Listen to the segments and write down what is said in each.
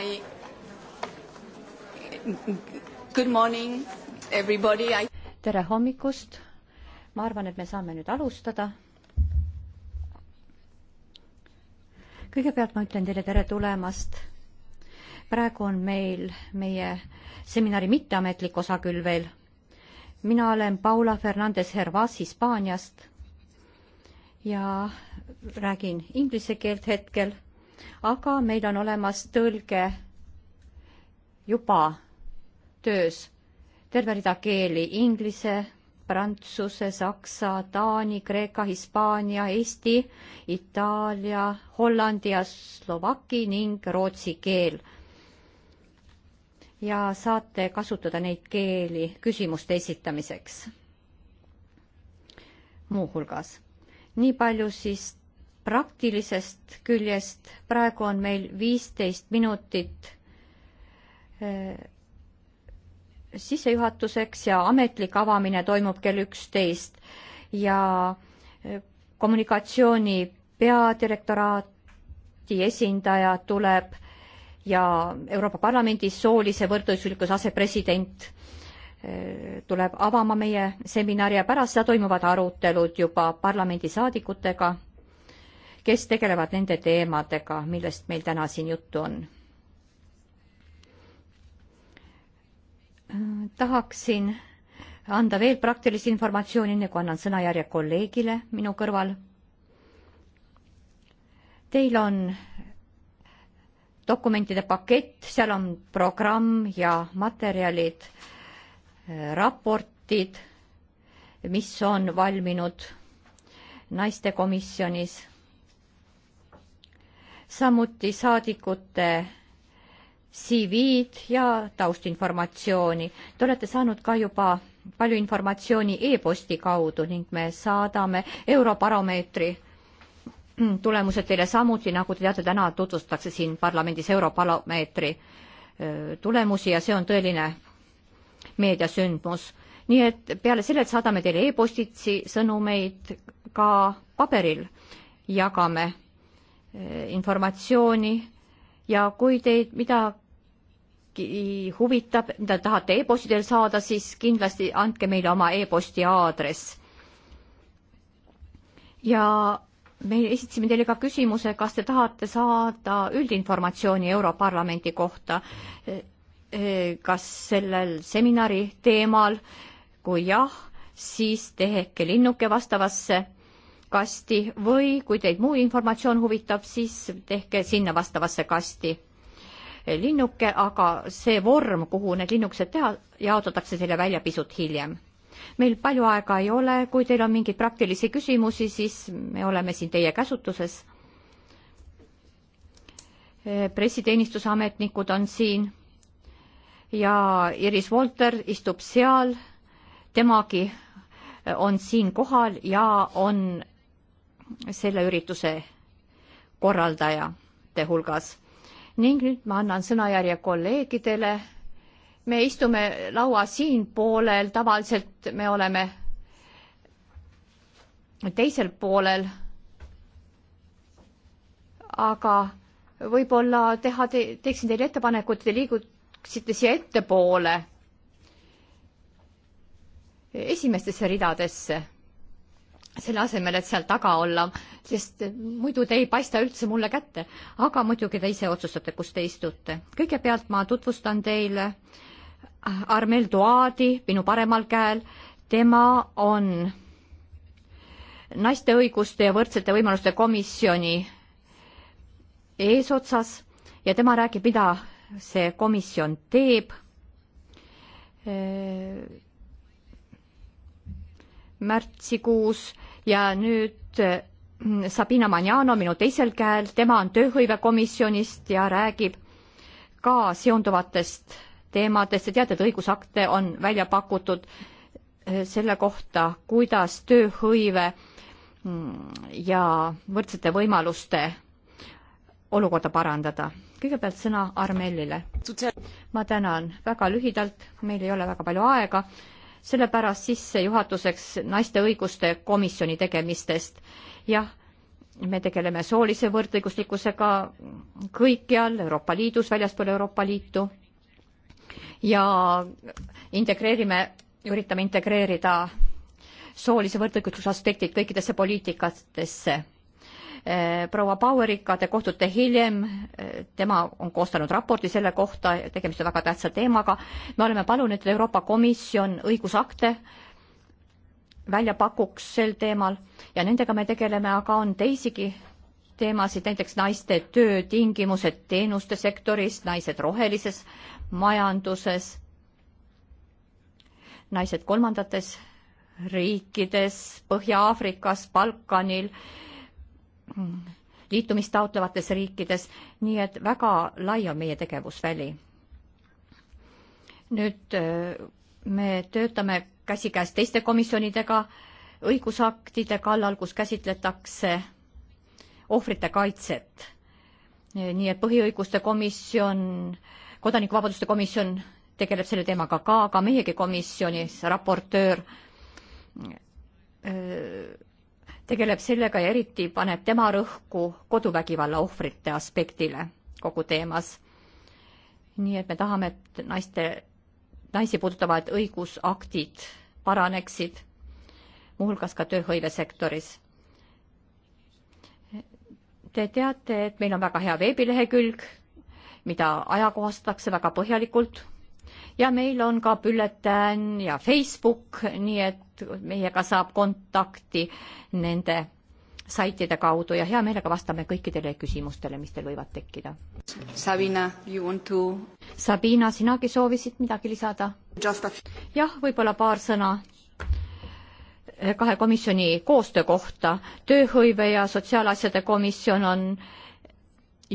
I... Good morning, everybody I.... tere hommikust. ma arvan, et me saame nüüd alustada. kõigepealt ma ütlen teile tere tulemast. praegu on meil meie seminari mitteametlik osa küll veel. mina olen Paula Fernandez Hervas Hispaaniast ja räägin inglise keelt hetkel aga meil on olemas tõlge juba töös, terve rida keeli, inglise, prantsuse, saksa, taani, kreeka, hispaania, eesti, itaalia, hollandi ja slovaki ning rootsi keel. ja saate kasutada neid keeli küsimuste esitamiseks muuhulgas. nii palju siis praktilisest küljest praegu on meil viisteist minutit eh, sissejuhatuseks ja ametlik avamine toimub kell üksteist ja eh, kommunikatsiooni peadirektoraati esindaja tuleb ja Euroopa Parlamendi soolise võrdõiguslikkuse asepresident eh, tuleb avama meie seminari ja pärast seda toimuvad arutelud juba parlamendisaadikutega kes tegelevad nende teemadega, millest meil täna siin juttu on. tahaksin anda veel praktilist informatsiooni, enne nagu kui annan sõnajärje kolleegile minu kõrval. Teil on dokumentide pakett, seal on programm ja materjalid, raportid, mis on valminud naistekomisjonis samuti saadikute CV-d ja taustinformatsiooni. Te olete saanud ka juba palju informatsiooni e-posti kaudu ning me saadame Eurobaromeetri tulemused teile samuti, nagu te teate, täna tutvustatakse siin parlamendis Eurobaromeetri tulemusi ja see on tõeline meediasündmus. nii et peale selle, et saadame teile e-postitsi sõnumeid ka paberil jagame Eh, informatsiooni ja kui teid midagi huvitab, mida tahate e-posti teel saada, siis kindlasti andke meile oma e-posti aadress. ja me esitasime teile ka küsimuse, kas te tahate saada üldinformatsiooni Europarlamendi kohta, eh, eh, kas sellel seminari teemal, kui jah, siis tehke linnuke vastavasse kasti või kui teid muu informatsioon huvitab, siis tehke sinna vastavasse kasti linnuke, aga see vorm, kuhu need linnukesed teha, jaotatakse selle välja pisut hiljem. meil palju aega ei ole, kui teil on mingeid praktilisi küsimusi, siis me oleme siin teie käsutuses. pressiteenistuse ametnikud on siin ja Iris Volter istub seal, temagi on siin kohal ja on selle ürituse korraldajate hulgas. ning nüüd ma annan sõnajärje kolleegidele. me istume laua siinpoolel, tavaliselt me oleme teisel poolel. aga võib-olla teha te,, teeksin teile ettepaneku, et te liiguksite siia ettepoole esimestesse ridadesse selle asemel, et seal taga olla, sest muidu te ei paista üldse mulle kätte. aga muidugi te ise otsustate, kus te istute. kõigepealt ma tutvustan teile Armel Duadi, minu paremal käel. tema on naiste õiguste ja võrdsete võimaluste komisjoni eesotsas ja tema räägib, mida see komisjon teeb märtsikuus ja nüüd mm, Sabina Manjano minu teisel käel, tema on tööhõivekomisjonist ja räägib ka seonduvatest teemadest. Te teate, et õigusakte on välja pakutud eh, selle kohta, kuidas tööhõive mm, ja võrdsete võimaluste olukorda parandada. kõigepealt sõna Armellile. ma tänan väga lühidalt, meil ei ole väga palju aega sellepärast sissejuhatuseks naiste õiguste komisjoni tegemistest. jah, me tegeleme soolise võrdõiguslikkusega kõikjal Euroopa Liidus, väljaspool Euroopa Liitu ja integreerime, üritame integreerida soolise võrdõiguslikkuse aspektid kõikidesse poliitikatesse Eh, proua Baueriga, te kohtute hiljem, eh, tema on koostanud raporti selle kohta, tegemist on väga tähtsa teemaga. me oleme palunud, et Euroopa Komisjon õigusakte välja pakuks sel teemal ja nendega me tegeleme, aga on teisigi teemasid, näiteks naiste töötingimused teenuste sektoris, naised rohelises majanduses, naised kolmandates riikides, Põhja-Aafrikas, Balkanil liitumist taotlevates riikides, nii et väga lai on meie tegevusväli. nüüd äh, me töötame käsikäes teiste komisjonidega, õigusaktide kallal, kus käsitletakse ohvrite kaitset. nii et põhiõiguste komisjon, kodanikuvabaduste komisjon tegeleb selle teemaga ka, aga meiegi komisjonis raportöör öö, äh, tegeleb sellega ja eriti paneb tema rõhku koduvägivalla ohvrite aspektile kogu teemas. nii et me tahame, et naiste, naisi puudutavad õigusaktid paraneksid, muuhulgas ka tööhõivesektoris te teate, et meil on väga hea veebilehekülg, mida ajakohastatakse väga põhjalikult ja meil on ka bülletään ja Facebook, nii et meiega saab kontakti nende saitide kaudu ja hea meelega vastame kõikidele küsimustele, mis teil võivad tekkida. Sabina, you want to? Sabina, sinagi soovisid midagi lisada? jah, võib-olla paar sõna kahe komisjoni koostöö kohta. tööhõive ja sotsiaalasjade komisjon on äh,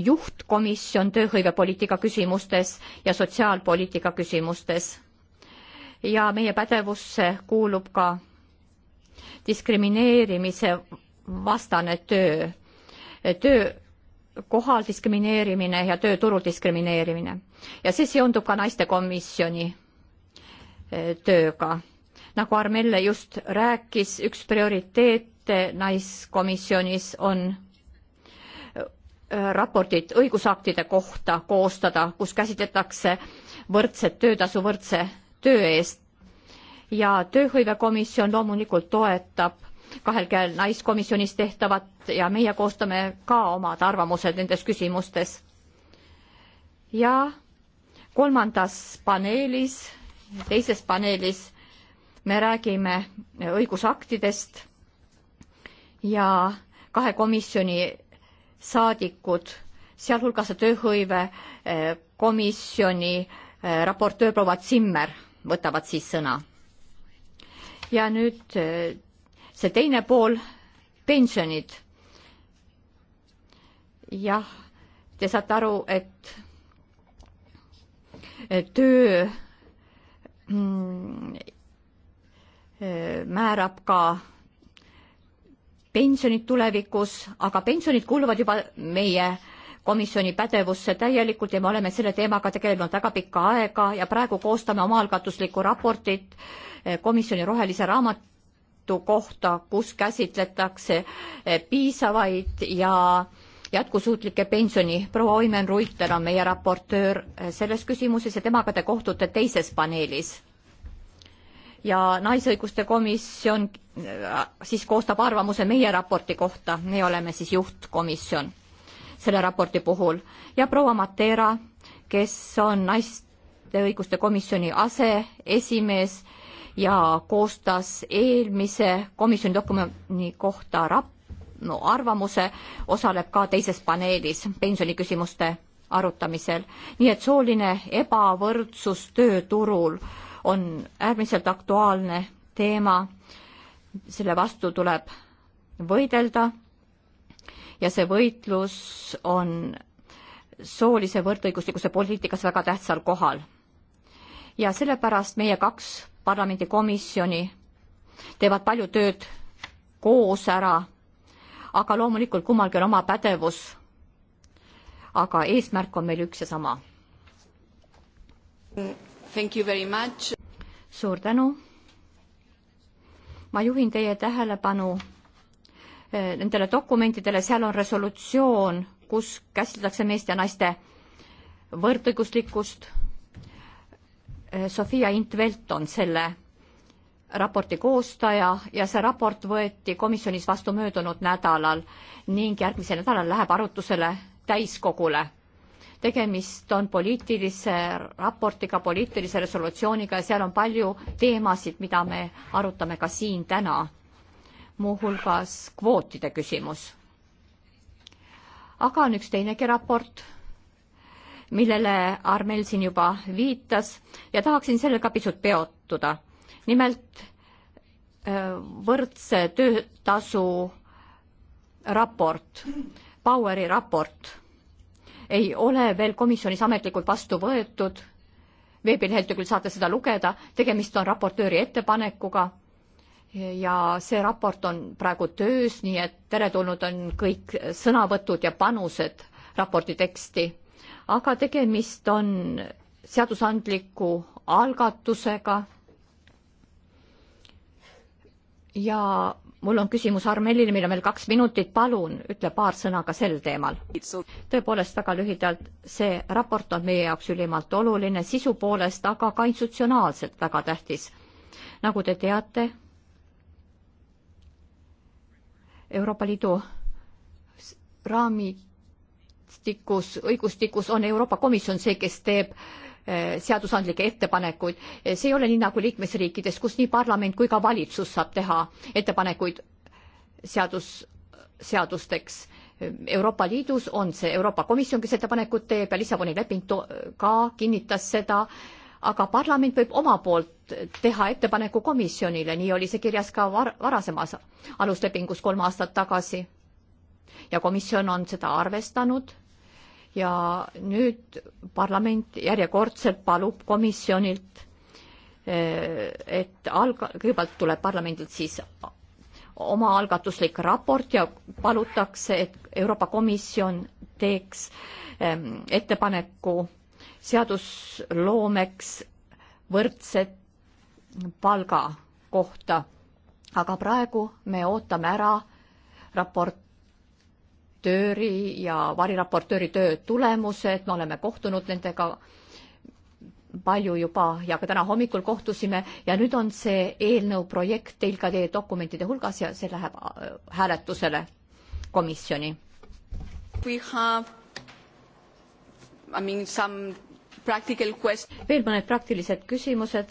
juhtkomisjon tööhõivepoliitika küsimustes ja sotsiaalpoliitika küsimustes. ja meie pädevusse kuulub ka diskrimineerimise vastane töö, töökohal diskrimineerimine ja tööturul diskrimineerimine. ja see seondub ka naistekomisjoni e, tööga. nagu Armelle just rääkis, üks prioriteete naiskomisjonis on Äh, raportit õigusaktide kohta koostada, kus käsitletakse võrdset töötasu võrdse töö eest. ja Tööhõivekomisjon loomulikult toetab kahel käel naiskomisjonis tehtavat ja meie koostame ka omad arvamused nendes küsimustes. ja kolmandas paneelis, teises paneelis me räägime õigusaktidest ja kahe komisjoni saadikud, sealhulgas tööhõive eh, komisjoni eh, raportöör proua Zimmer võtavad siis sõna. ja nüüd eh, see teine pool, pensionid. jah, te saate aru, et töö mm, määrab ka pensionid tulevikus, aga pensionid kuuluvad juba meie komisjoni pädevusse täielikult ja me oleme selle teemaga tegelenud väga pikka aega ja praegu koostame omaalgatuslikku raportit eh, komisjoni rohelise raamatu kohta, kus käsitletakse eh, piisavaid ja jätkusuutlikke pensioni. proua Oimen Ruiter on meie raportöör eh, selles küsimuses ja temaga te kohtute teises paneelis ja Naisõiguste Komisjon äh, siis koostab arvamuse meie raporti kohta, meie oleme siis juhtkomisjon selle raporti puhul ja proua Matera, kes on Naiste Õiguste Komisjoni aseesimees ja koostas eelmise komisjoni dokumendi kohta rap-, no, arvamuse, osaleb ka teises paneelis pensioniküsimuste arutamisel. nii et sooline ebavõrdsus tööturul äh, on äärmiselt aktuaalne teema, selle vastu tuleb võidelda ja see võitlus on soolise võrdõiguslikkuse poliitikas väga tähtsal kohal. ja sellepärast meie kaks parlamendikomisjoni teevad palju tööd koos ära, aga loomulikult kummalgi on oma pädevus. aga eesmärk on meil üks ja sama. Thank you very much suur tänu. ma juhin teie tähelepanu eh, nendele dokumentidele, seal on resolutsioon, kus käsitletakse meeste ja naiste võrdõiguslikkust. Eh, Sofia Intvelt on selle raporti koostaja ja see raport võeti komisjonis vastu möödunud nädalal ning järgmisel nädalal läheb arutusele täiskogule tegemist on poliitilise raportiga, poliitilise resolutsiooniga ja seal on palju teemasid, mida me arutame ka siin täna, muuhulgas kvootide küsimus. aga on üks teinegi raport, millele Armel siin juba viitas ja tahaksin sellega pisut peotuda. nimelt äh, võrdse töötasu raport, Baueri raport ei ole veel komisjonis ametlikult vastu võetud. veebileheküljel saate seda lugeda, tegemist on raportööri ettepanekuga ja see raport on praegu töös, nii et teretulnud on kõik sõnavõtud ja panused raporti teksti. aga tegemist on seadusandliku algatusega ja mul on küsimus Armelile, meil on veel kaks minutit, palun ütle paar sõna ka sel teemal. tõepoolest väga lühidalt, see raport on meie jaoks ülimalt oluline sisu poolest, aga ka institutsionaalselt väga tähtis. nagu te teate, Euroopa Liidu raamistikus, õigustikus on Euroopa Komisjon see, kes teeb äh, Eh, seadusandlikke ettepanekuid. Eh, see ei ole nii nagu liikmesriikides, kus nii parlament kui ka valitsus saab teha ettepanekuid seadus, seadusteks. Euroopa Liidus on see Euroopa Komisjon, kes ettepanekud teeb ja Lissaboni leping ka kinnitas seda, aga parlament võib oma poolt teha ettepaneku komisjonile, nii oli see kirjas ka var varasemas aluslepingus kolm aastat tagasi. ja komisjon on seda arvestanud ja nüüd parlament järjekordselt palub komisjonilt, eh, et alg-, kõigepealt tuleb parlamendilt siis omaalgatuslik raport ja palutakse, et Euroopa Komisjon teeks ehm, ettepaneku seadusloomeks võrdse palga kohta. aga praegu me ootame ära raport raportööri ja variraportööri töö tulemused, me oleme kohtunud nendega palju juba ja ka täna hommikul kohtusime ja nüüd on see eelnõu projekt teil ka teie dokumentide hulgas ja see läheb äh, hääletusele komisjoni. I mean, veel mõned praktilised küsimused.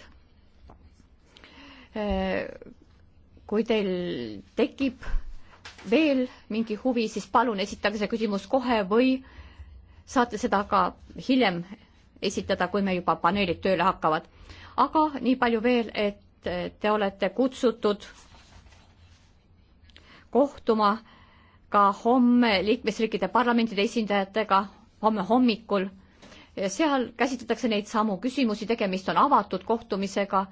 Äh, kui teil tekib veel mingi huvi, siis palun esitage see küsimus kohe või saate seda ka hiljem esitada, kui me juba paneelid tööle hakkavad. aga nii palju veel, et te olete kutsutud kohtuma ka homme liikmesriikide parlamentide esindajatega, homme hommikul. seal käsitletakse neid samu küsimusi, tegemist on avatud kohtumisega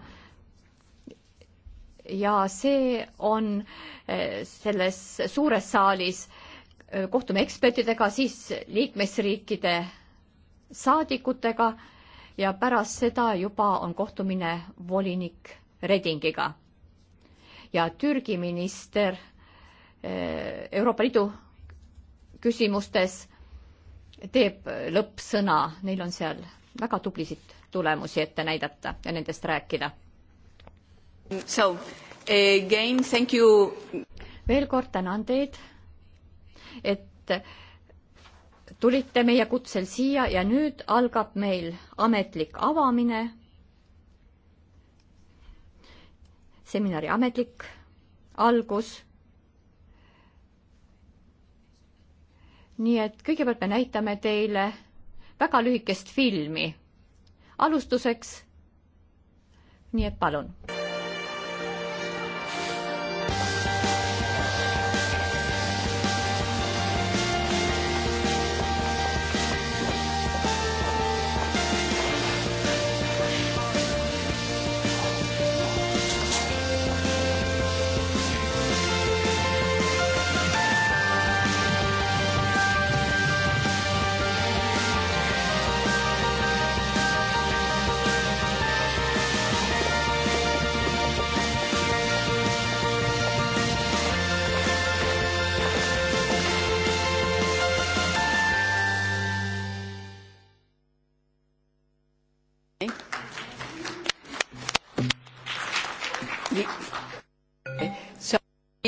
ja see on eh, selles suures saalis, eh, kohtume ekspertidega, siis liikmesriikide saadikutega ja pärast seda juba on kohtumine volinik Redingiga. ja Türgi minister eh, Euroopa Liidu küsimustes teeb lõppsõna, neil on seal väga tublisid tulemusi ette näidata ja nendest rääkida So eh, again, thank you. veel kord tänan teid, et tulite meie kutsel siia ja nüüd algab meil ametlik avamine. seminari ametlik algus. nii et kõigepealt me näitame teile väga lühikest filmi. alustuseks. nii et palun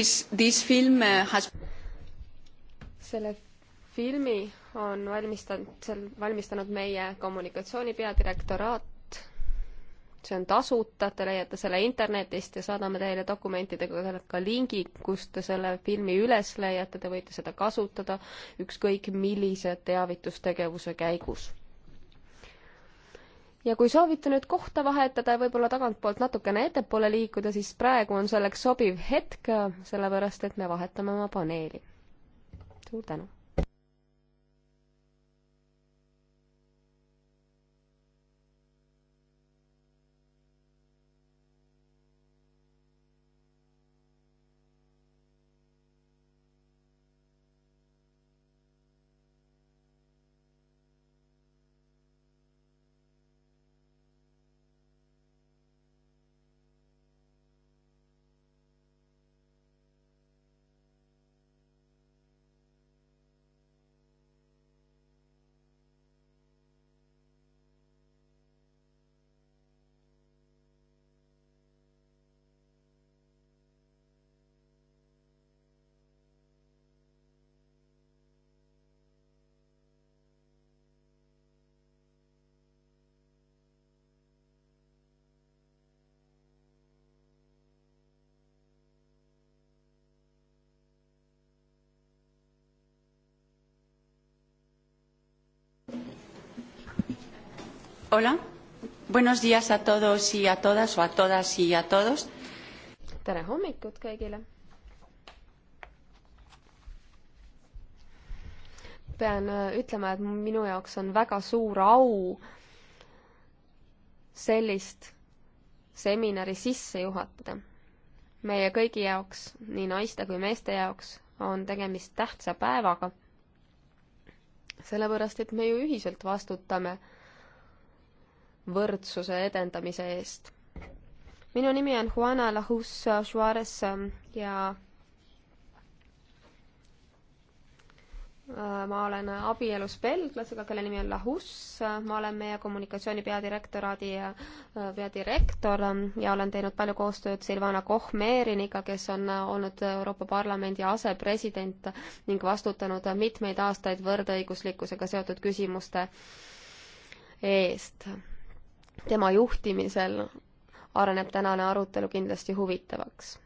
This, this film uh, has... selle filmi on valmistanud, seal valmistanud meie kommunikatsiooni peadirektoraat. see on tasuta, te leiate selle internetist ja saadame teile dokumentidega ka lingi, kust te selle filmi üles leiate, te võite seda kasutada ükskõik millise teavitustegevuse käigus ja kui soovite nüüd kohta vahetada ja võib-olla tagantpoolt natukene ettepoole liikuda, siis praegu on selleks sobiv hetk, sellepärast et me vahetame oma paneeli. suur tänu! Hola. Buenos días a todos y a todas o a todas y a todos. tere hommikut kõigile. pean äh, ütlema, et minu jaoks on väga suur au sellist seminari sisse juhatada. meie kõigi jaoks, nii naiste kui meeste jaoks, on tegemist tähtsa päevaga. sellepärast, et me ju ühiselt vastutame võrdsuse edendamise eest. minu nimi on Juana Lahus Juarez ähm, ja äh, ma olen abielus belglasega, kelle nimi on Lahus, ma olen meie kommunikatsiooni peadirektoraadi äh, peadirektor ähm, ja olen teinud palju koostööd Silvana Kohmeriniga, kes on äh, olnud Euroopa Parlamendi asepresident ning vastutanud mitmeid aastaid võrdõiguslikkusega seotud küsimuste eest tema juhtimisel areneb tänane arutelu kindlasti huvitavaks.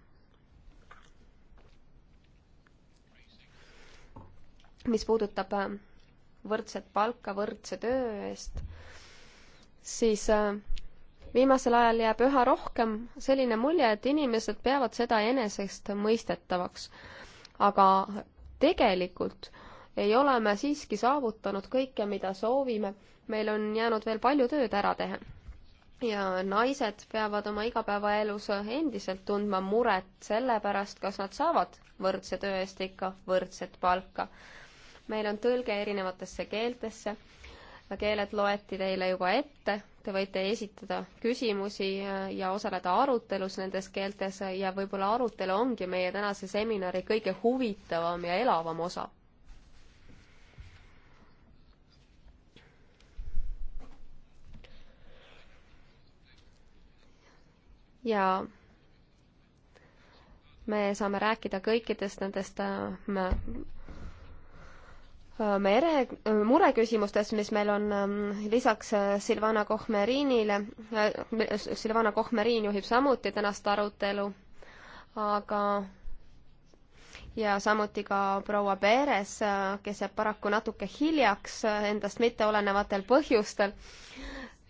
mis puudutab äh, võrdset palka võrdse töö eest, siis äh, viimasel ajal jääb üha rohkem selline mulje, et inimesed peavad seda enesestmõistetavaks. aga tegelikult ei ole me siiski saavutanud kõike, mida soovime, meil on jäänud veel palju tööd ära teha ja naised peavad oma igapäevaelus endiselt tundma muret selle pärast, kas nad saavad võrdse töö eest ikka võrdset palka. meil on tõlge erinevatesse keeltesse, keeled loeti teile juba ette, te võite esitada küsimusi ja osaleda arutelus nendes keeltes ja võib-olla arutelu ongi meie tänase seminari kõige huvitavam ja elavam osa ja me saame rääkida kõikidest nendest äh, äh, mere, äh, mureküsimustest, mis meil on ähm, lisaks Silvana Kohmeriinile, Silvana Kohmeriin juhib samuti tänast arutelu, aga ja samuti ka proua Peeres, kes jääb paraku natuke hiljaks endast mitteolenevatel põhjustel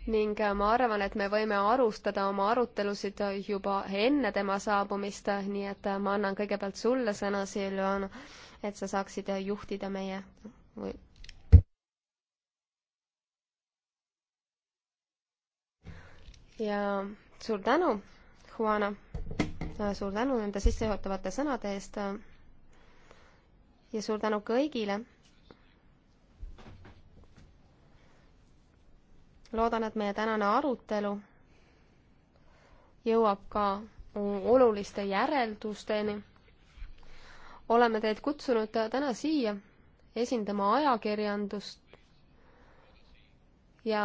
ning äh, ma arvan, et me võime alustada oma arutelusid äh, juba enne tema saabumist, äh, nii et ma annan kõigepealt sulle sõna, Silvana, et sa saaksid juhtida meie või ja suur tänu, Juana, suur tänu nende sissejuhatavate sõnade eest ja suur tänu kõigile loodan, et meie tänane arutelu jõuab ka oluliste järeldusteni. oleme teid kutsunud täna siia esindama ajakirjandust ja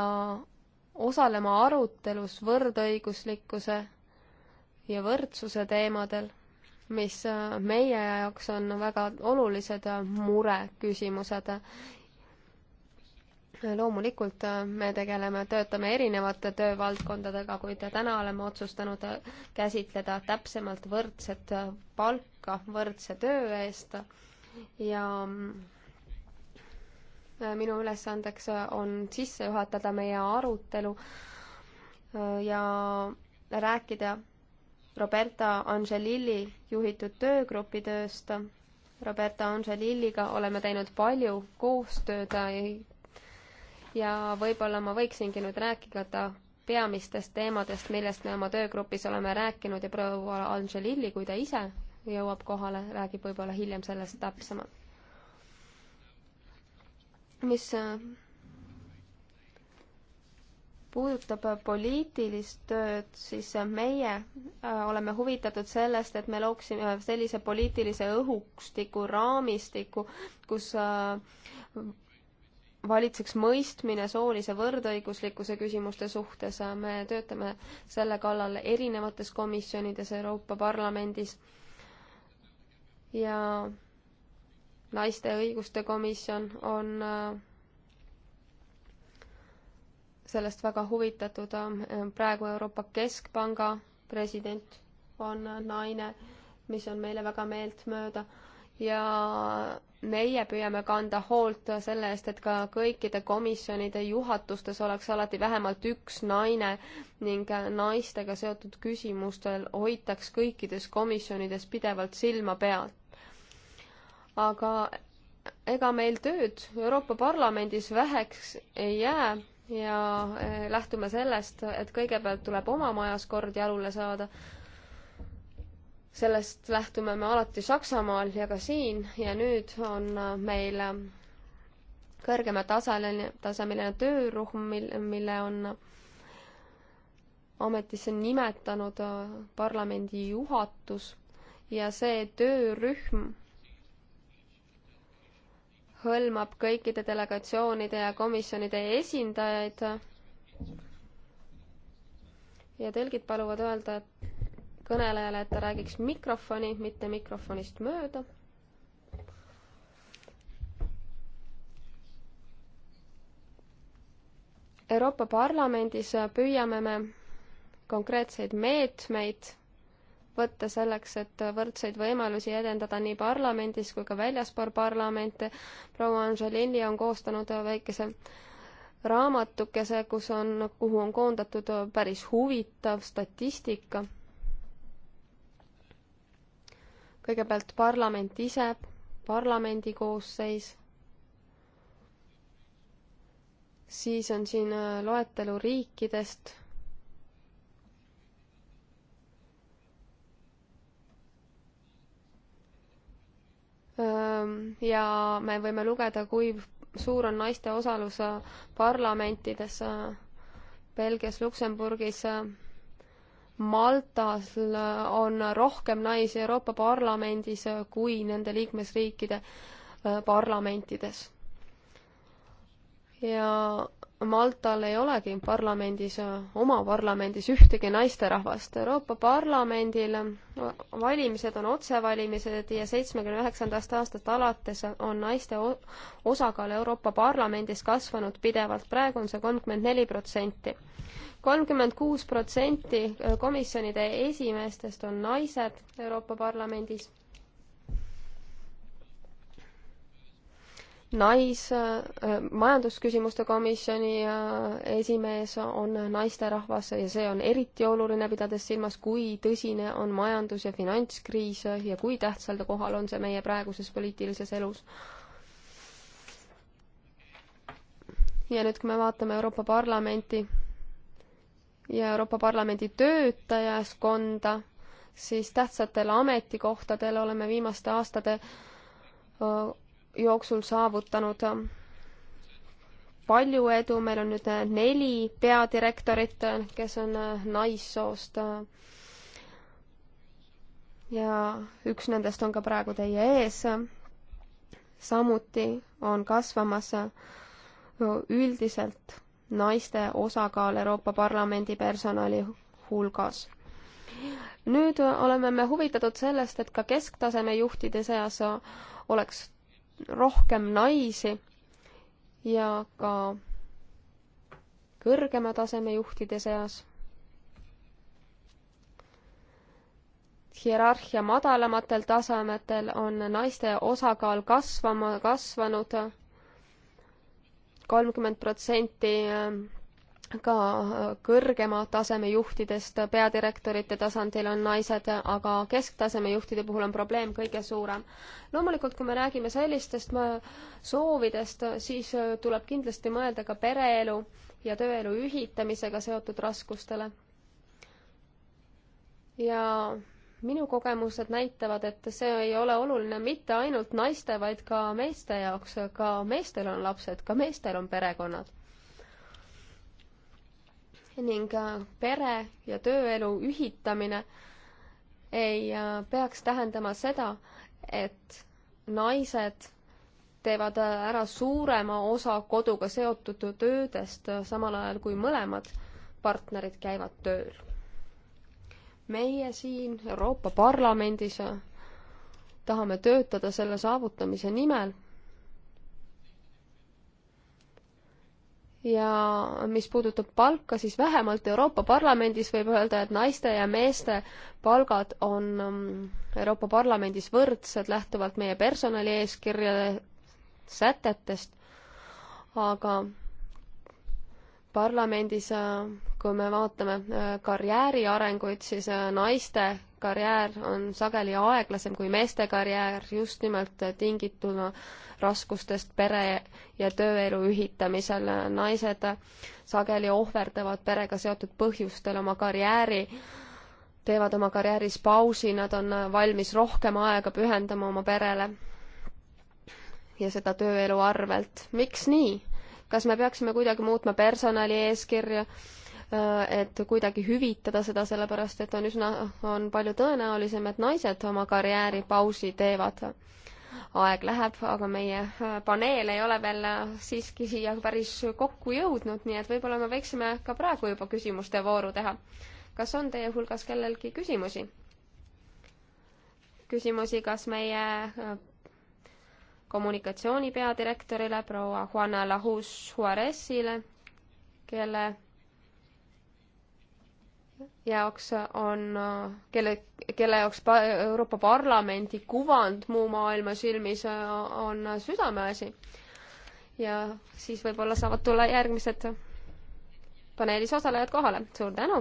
osalema arutelus võrdõiguslikkuse ja võrdsuse teemadel, mis meie jaoks on väga olulised mureküsimused loomulikult äh, me tegeleme, töötame erinevate töövaldkondadega, kuid täna oleme otsustanud äh, käsitleda täpsemalt võrdset äh, palka võrdse töö eest ja mm, minu ülesandeks on sisse juhatada meie arutelu ja rääkida Roberta Angelilli juhitud töögrupi tööst Roberta Angelilliga oleme teinud palju koostööd ja võib-olla ma võiksingi nüüd rääkida peamistest teemadest, millest me oma töögrupis oleme rääkinud ja proua Angelilli, kui ta ise jõuab kohale, räägib võib-olla hiljem sellest täpsemalt. mis äh, puudutab poliitilist tööd, siis meie äh, oleme huvitatud sellest, et me looksime sellise poliitilise õhustiku, raamistiku, kus äh, valitseks mõistmine soolise võrdõiguslikkuse küsimuste suhtes. me töötame selle kallal erinevates komisjonides Euroopa Parlamendis ja naiste õiguste komisjon on äh, sellest väga huvitatud. praegu Euroopa Keskpanga president on naine, mis on meile väga meeltmööda ja meie püüame kanda hoolt selle eest, et ka kõikide komisjonide juhatustes oleks alati vähemalt üks naine ning naistega seotud küsimustel hoitaks kõikides komisjonides pidevalt silma peal. aga ega meil tööd Euroopa Parlamendis väheks ei jää ja eh, lähtume sellest, et kõigepealt tuleb oma majas kord jalule saada sellest lähtume me alati Saksamaal ja ka siin ja nüüd on äh, meil äh, kõrgema tasemeline, tasemeline töörühm, mil, mille on äh, ametisse nimetanud parlamendi juhatus ja see töörühm hõlmab kõikide delegatsioonide ja komisjonide esindajaid. ja tõlgid paluvad öelda, et kõnelejale, et ta räägiks mikrofoni, mitte mikrofonist mööda. Euroopa Parlamendis püüame me konkreetseid meetmeid võtta selleks, et võrdseid võimalusi edendada nii parlamendis kui ka väljaspool parlamente. proua Angelilli on koostanud väikese raamatukese, kus on, kuhu on koondatud päris huvitav statistika kõigepealt parlament ise, parlamendi koosseis. siis on siin äh, loetelu riikidest. ja me võime lugeda, kui suur on naiste osalus äh, parlamentides äh, Belgias, Luksemburgis Maltas äh, on rohkem naisi Euroopa Parlamendis äh, kui nende liikmesriikide äh, parlamentides ja Maltal ei olegi parlamendis, oma parlamendis ühtegi naisterahvast. Euroopa Parlamendil valimised on otsevalimised ja seitsmekümne üheksandast aastast alates on naiste osakaal Euroopa Parlamendis kasvanud pidevalt, praegu on see kolmkümmend neli protsenti. kolmkümmend kuus protsenti komisjonide esimeestest on naised Euroopa Parlamendis nais, äh, majandusküsimuste komisjoni äh, esimees on naisterahvas ja see on eriti oluline, pidades silmas, kui tõsine on majandus- ja finantskriis ja kui tähtsal kohal on see meie praeguses poliitilises elus. ja nüüd, kui me vaatame Euroopa Parlamenti ja Euroopa Parlamendi töötajaskonda, siis tähtsatel ametikohtadel oleme viimaste aastate äh, jooksul saavutanud palju edu, meil on nüüd neli peadirektorit, kes on naissoost. ja üks nendest on ka praegu teie ees. samuti on kasvamas üldiselt naiste osakaal Euroopa Parlamendi personali hulgas nüüd oleme me huvitatud sellest, et ka kesktaseme juhtide seas oleks rohkem naisi ja ka kõrgema taseme juhtide seas. hierarhia madalamatel tasemetel on naiste osakaal kasvama, kasvanud kolmkümmend protsenti ähm, ka äh, kõrgema taseme juhtidest, peadirektorite tasandil on naised, aga kesktaseme juhtide puhul on probleem kõige suurem. loomulikult, kui me räägime sellistest äh, soovidest, siis äh, tuleb kindlasti mõelda ka pereelu ja tööelu ühitamisega seotud raskustele. ja minu kogemused näitavad, et see ei ole oluline mitte ainult naiste, vaid ka meeste jaoks, ka meestel on lapsed, ka meestel on perekonnad ning äh, pere- ja tööelu ühitamine ei äh, peaks tähendama seda, et naised teevad äh, ära suurema osa koduga seotud töödest, samal ajal kui mõlemad partnerid käivad tööl. meie siin Euroopa Parlamendis tahame töötada selle saavutamise nimel, ja mis puudutab palka, siis vähemalt Euroopa Parlamendis võib öelda, et naiste ja meeste palgad on um, Euroopa Parlamendis võrdsed lähtuvalt meie personalieeskirjade sätetest, aga parlamendis, uh, kui me vaatame uh, karjääri arenguid, siis uh, naiste karjäär on sageli aeglasem kui meeste karjäär just nimelt tingituna raskustest pere ja tööelu ühitamisel. naised sageli ohverdavad perega seotud põhjustel oma karjääri, teevad oma karjääris pausi, nad on valmis rohkem aega pühendama oma perele ja seda tööelu arvelt. miks nii? kas me peaksime kuidagi muutma personali eeskirja? Äh, et kuidagi hüvitada seda, sellepärast et on üsna, on palju tõenäolisem, et naised oma karjääripausi teevad aeg läheb, aga meie äh, paneel ei ole veel äh, siiski siia päris kokku jõudnud, nii et võib-olla me võiksime ka praegu juba küsimuste vooru teha. kas on teie hulgas kellelgi küsimusi? küsimusi kas meie äh, kommunikatsiooni peadirektorile, proua Juana Lahus Juarezile, kelle jaoks on, kelle, kelle jaoks Euroopa Parlamendi kuvand muu maailma silmis äh, on südameasi. ja siis võib-olla saavad tulla järgmised paneelis osalejad kohale. suur tänu,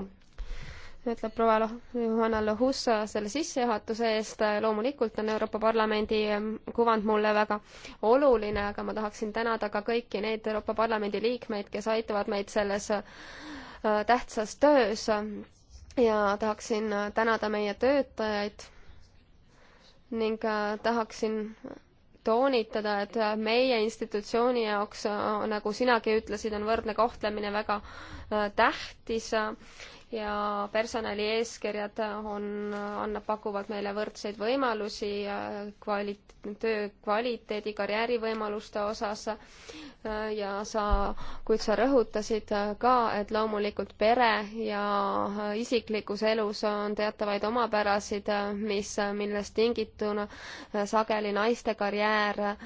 ütleb proua Johanna Lohus selle sissejuhatuse eest. loomulikult on Euroopa Parlamendi ähm, kuvand mulle väga oluline, aga ma tahaksin tänada ka kõiki neid Euroopa Parlamendi liikmeid, kes aitavad meid selles äh, Äh, tähtsas töös ja tahaksin äh, tänada meie töötajaid ning äh, tahaksin toonitada, et meie institutsiooni jaoks, nagu sinagi ütlesid, on võrdne kohtlemine väga tähtis ja personalieeskirjad on, annab, pakuvad meile võrdseid võimalusi äh, kvali-, töö kvaliteedi, karjäärivõimaluste osas äh, ja sa, kuid sa rõhutasid äh, ka, et loomulikult pere ja isiklikus elus on teatavaid omapärasid, mis, millest tingituna sageli naiste karjäär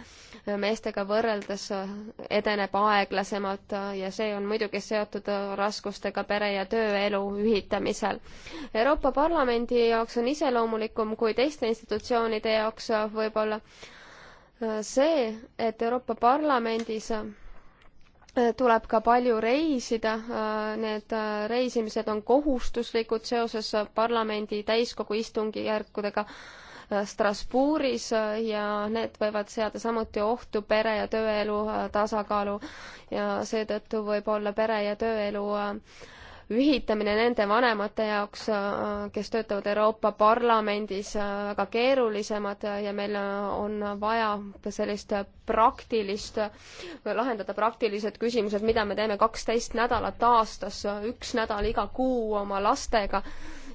meestega võrreldes edeneb aeglasemalt ja see on muidugi seotud raskustega pere- ja tööelu ühitamisel. Euroopa Parlamendi jaoks on iseloomulikum kui teiste institutsioonide jaoks võib-olla äh, see, et Euroopa Parlamendis äh, tuleb ka palju reisida, äh, need reisimised on kohustuslikud seoses parlamendi täiskogu istungijärkudega Strasbourgis ja need võivad seada samuti ohtu pere- ja tööelu tasakaalu ja seetõttu võib olla pere- ja tööelu äh, ühitamine nende vanemate jaoks, äh, kes töötavad Euroopa Parlamendis, äh, väga keerulisemad ja meil äh, on vaja sellist praktilist, lahendada praktilised küsimused, mida me teeme kaksteist nädalat aastas, üks nädal iga kuu oma lastega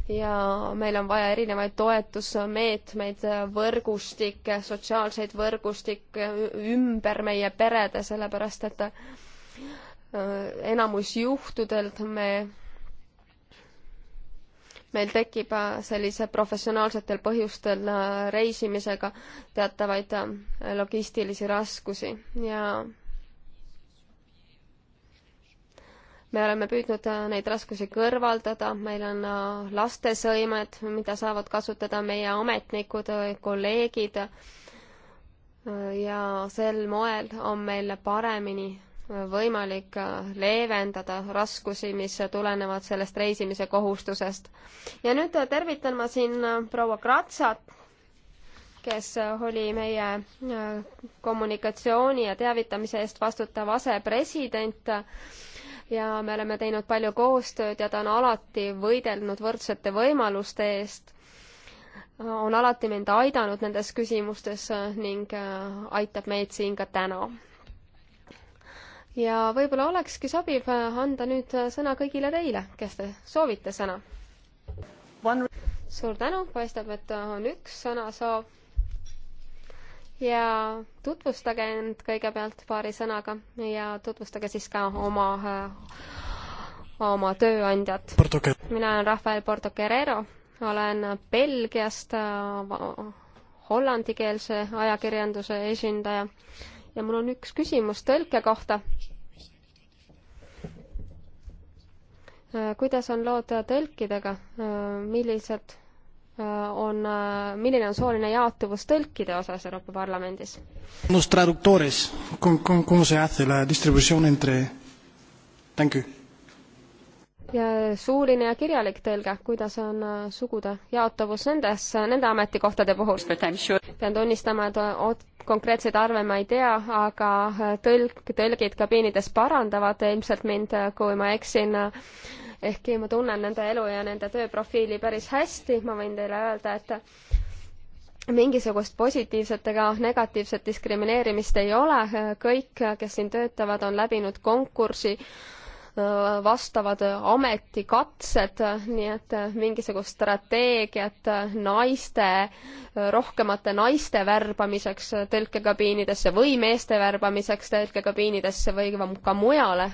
ja meil on vaja erinevaid toetusmeetmeid, võrgustikke, sotsiaalseid võrgustikke ümber meie perede, sellepärast et enamus juhtudelt me meil tekib äh, sellise professionaalsetel põhjustel äh, reisimisega teatavaid äh, logistilisi raskusi ja me oleme püüdnud neid raskusi kõrvaldada, meil on lastesõimed, mida saavad kasutada meie ametnikud, kolleegid ja sel moel on meil paremini võimalik leevendada raskusi, mis tulenevad sellest reisimise kohustusest. ja nüüd tervitan ma siin proua Kratsat, kes oli meie äh, kommunikatsiooni ja teavitamise eest vastutav asepresident ja me oleme teinud palju koostööd ja ta on alati võidelnud võrdsete võimaluste eest on alati mind aidanud nendes küsimustes ning äh, aitab meid siin ka täna ja võib-olla olekski sobiv äh, anda nüüd äh, sõna kõigile teile, kes te soovite sõna. suur tänu, paistab, et äh, on üks sõnasoov. ja tutvustage end kõigepealt paari sõnaga ja tutvustage siis ka oma oma tööandjat. mina olen Rafael Porto Guerrero, olen Belgiast hollandikeelse ajakirjanduse esindaja ja mul on üks küsimus tõlke kohta. kuidas on lood tõlkidega, millised on, milline on sooline jaotuvus tõlkide osas Euroopa Parlamendis? Los traductores, ¿cómo se hace la distribución entre? Thank you ja suuline ja kirjalik tõlge, kuidas on äh, sugude jaotavus nendes, nende ametikohtade puhul. pean tunnistama, et äh, konkreetseid arve ma ei tea, aga äh, tõlk, tõlgid kabiinides parandavad ilmselt mind, kui ma eksin. ehkki ma tunnen nende elu ja nende tööprofiili päris hästi, ma võin teile öelda, et mingisugust positiivset ega negatiivset diskrimineerimist ei ole, kõik, kes siin töötavad, on läbinud konkursi Äh, vastavad ametikatsed, nii et äh, mingisugust strateegiat äh, naiste, rohkemate naiste värbamiseks tõlkekabiinidesse või meeste värbamiseks tõlkekabiinidesse või ka mujale,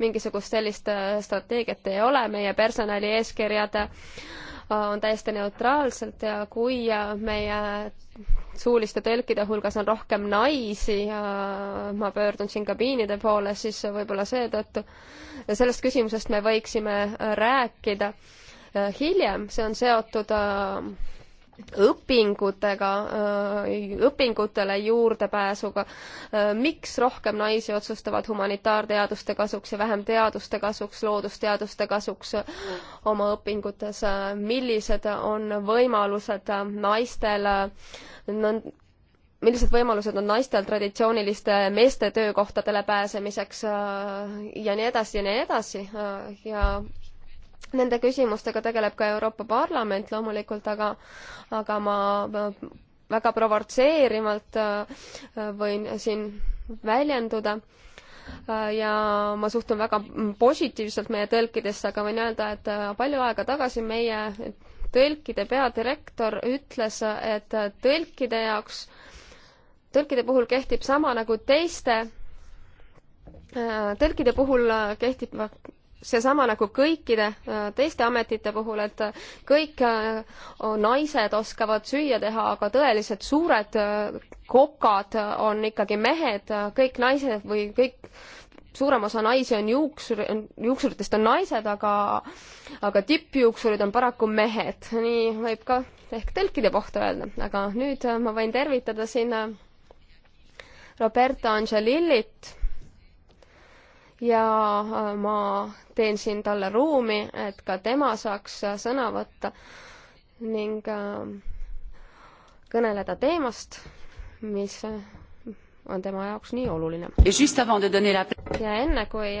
mingisugust sellist strateegiat ei ole, meie personalieeskirjad on täiesti neutraalsed ja kui meie suuliste tõlkide hulgas on rohkem naisi ja ma pöördun siin kabiinide poole, siis võib-olla seetõttu sellest küsimusest me võiksime rääkida äh, hiljem, see on seotud äh, õpingutega, äh, õpingutele juurdepääsuga, äh, miks rohkem naisi otsustavad humanitaarteaduste kasuks ja vähem teaduste kasuks, loodusteaduste kasuks oma õpingutes, äh, millised on võimalused naistel millised võimalused on naistel traditsiooniliste meeste töökohtadele pääsemiseks ja nii edasi ja nii edasi ja Nende küsimustega tegeleb ka Euroopa Parlament loomulikult, aga, aga ma väga provotseerivalt äh, võin siin väljenduda äh, ja ma suhtun väga positiivselt meie tõlkidesse, aga võin öelda, et äh, palju aega tagasi meie tõlkide peadirektor ütles, et tõlkide jaoks, tõlkide puhul kehtib sama nagu teiste, tõlkide puhul kehtib seesama nagu kõikide äh, teiste ametite puhul, et äh, kõik äh, naised oskavad süüa teha, aga tõeliselt suured kokad on ikkagi mehed, kõik naised või kõik suurem osa naisi on juuksur, juuksuritest on naised, aga, aga tippjuuksurid on paraku mehed. nii võib ka ehk tõlkide kohta öelda, aga nüüd ma võin tervitada siin Roberta Angelillit ja äh, ma teen siin talle ruumi, et ka tema saaks äh, sõna võtta ning äh, kõneleda teemast, mis on tema jaoks nii oluline. ja enne, kui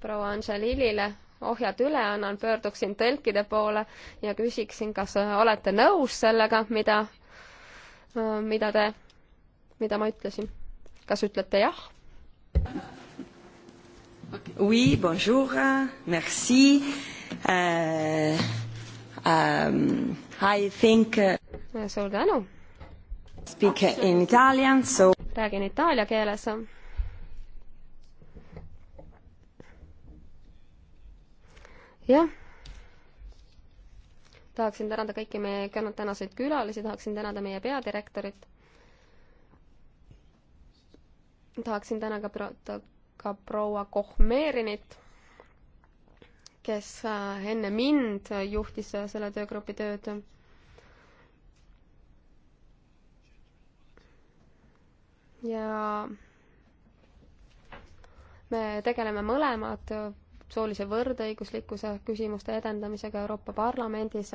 proua Anželilile ohjad üle annan, pöörduksin tõlkide poole ja küsiksin, kas olete nõus sellega, mida, mida te, mida ma ütlesin. kas ütlete jah? Okay. Oui, bonjour, merci uh,. Um, I think uh,. suur tänu. Speak in italian, so. räägin itaalia keeles. jah tahaksin tänada kõiki meie tänaseid külalisi, tahaksin tänada meie peadirektorit. tahaksin tänada pro-, ka proua Kohmeerinit, kes äh, enne mind juhtis äh, selle töögrupi tööd. ja me tegeleme mõlemad soolise võrdõiguslikkuse küsimuste edendamisega Euroopa Parlamendis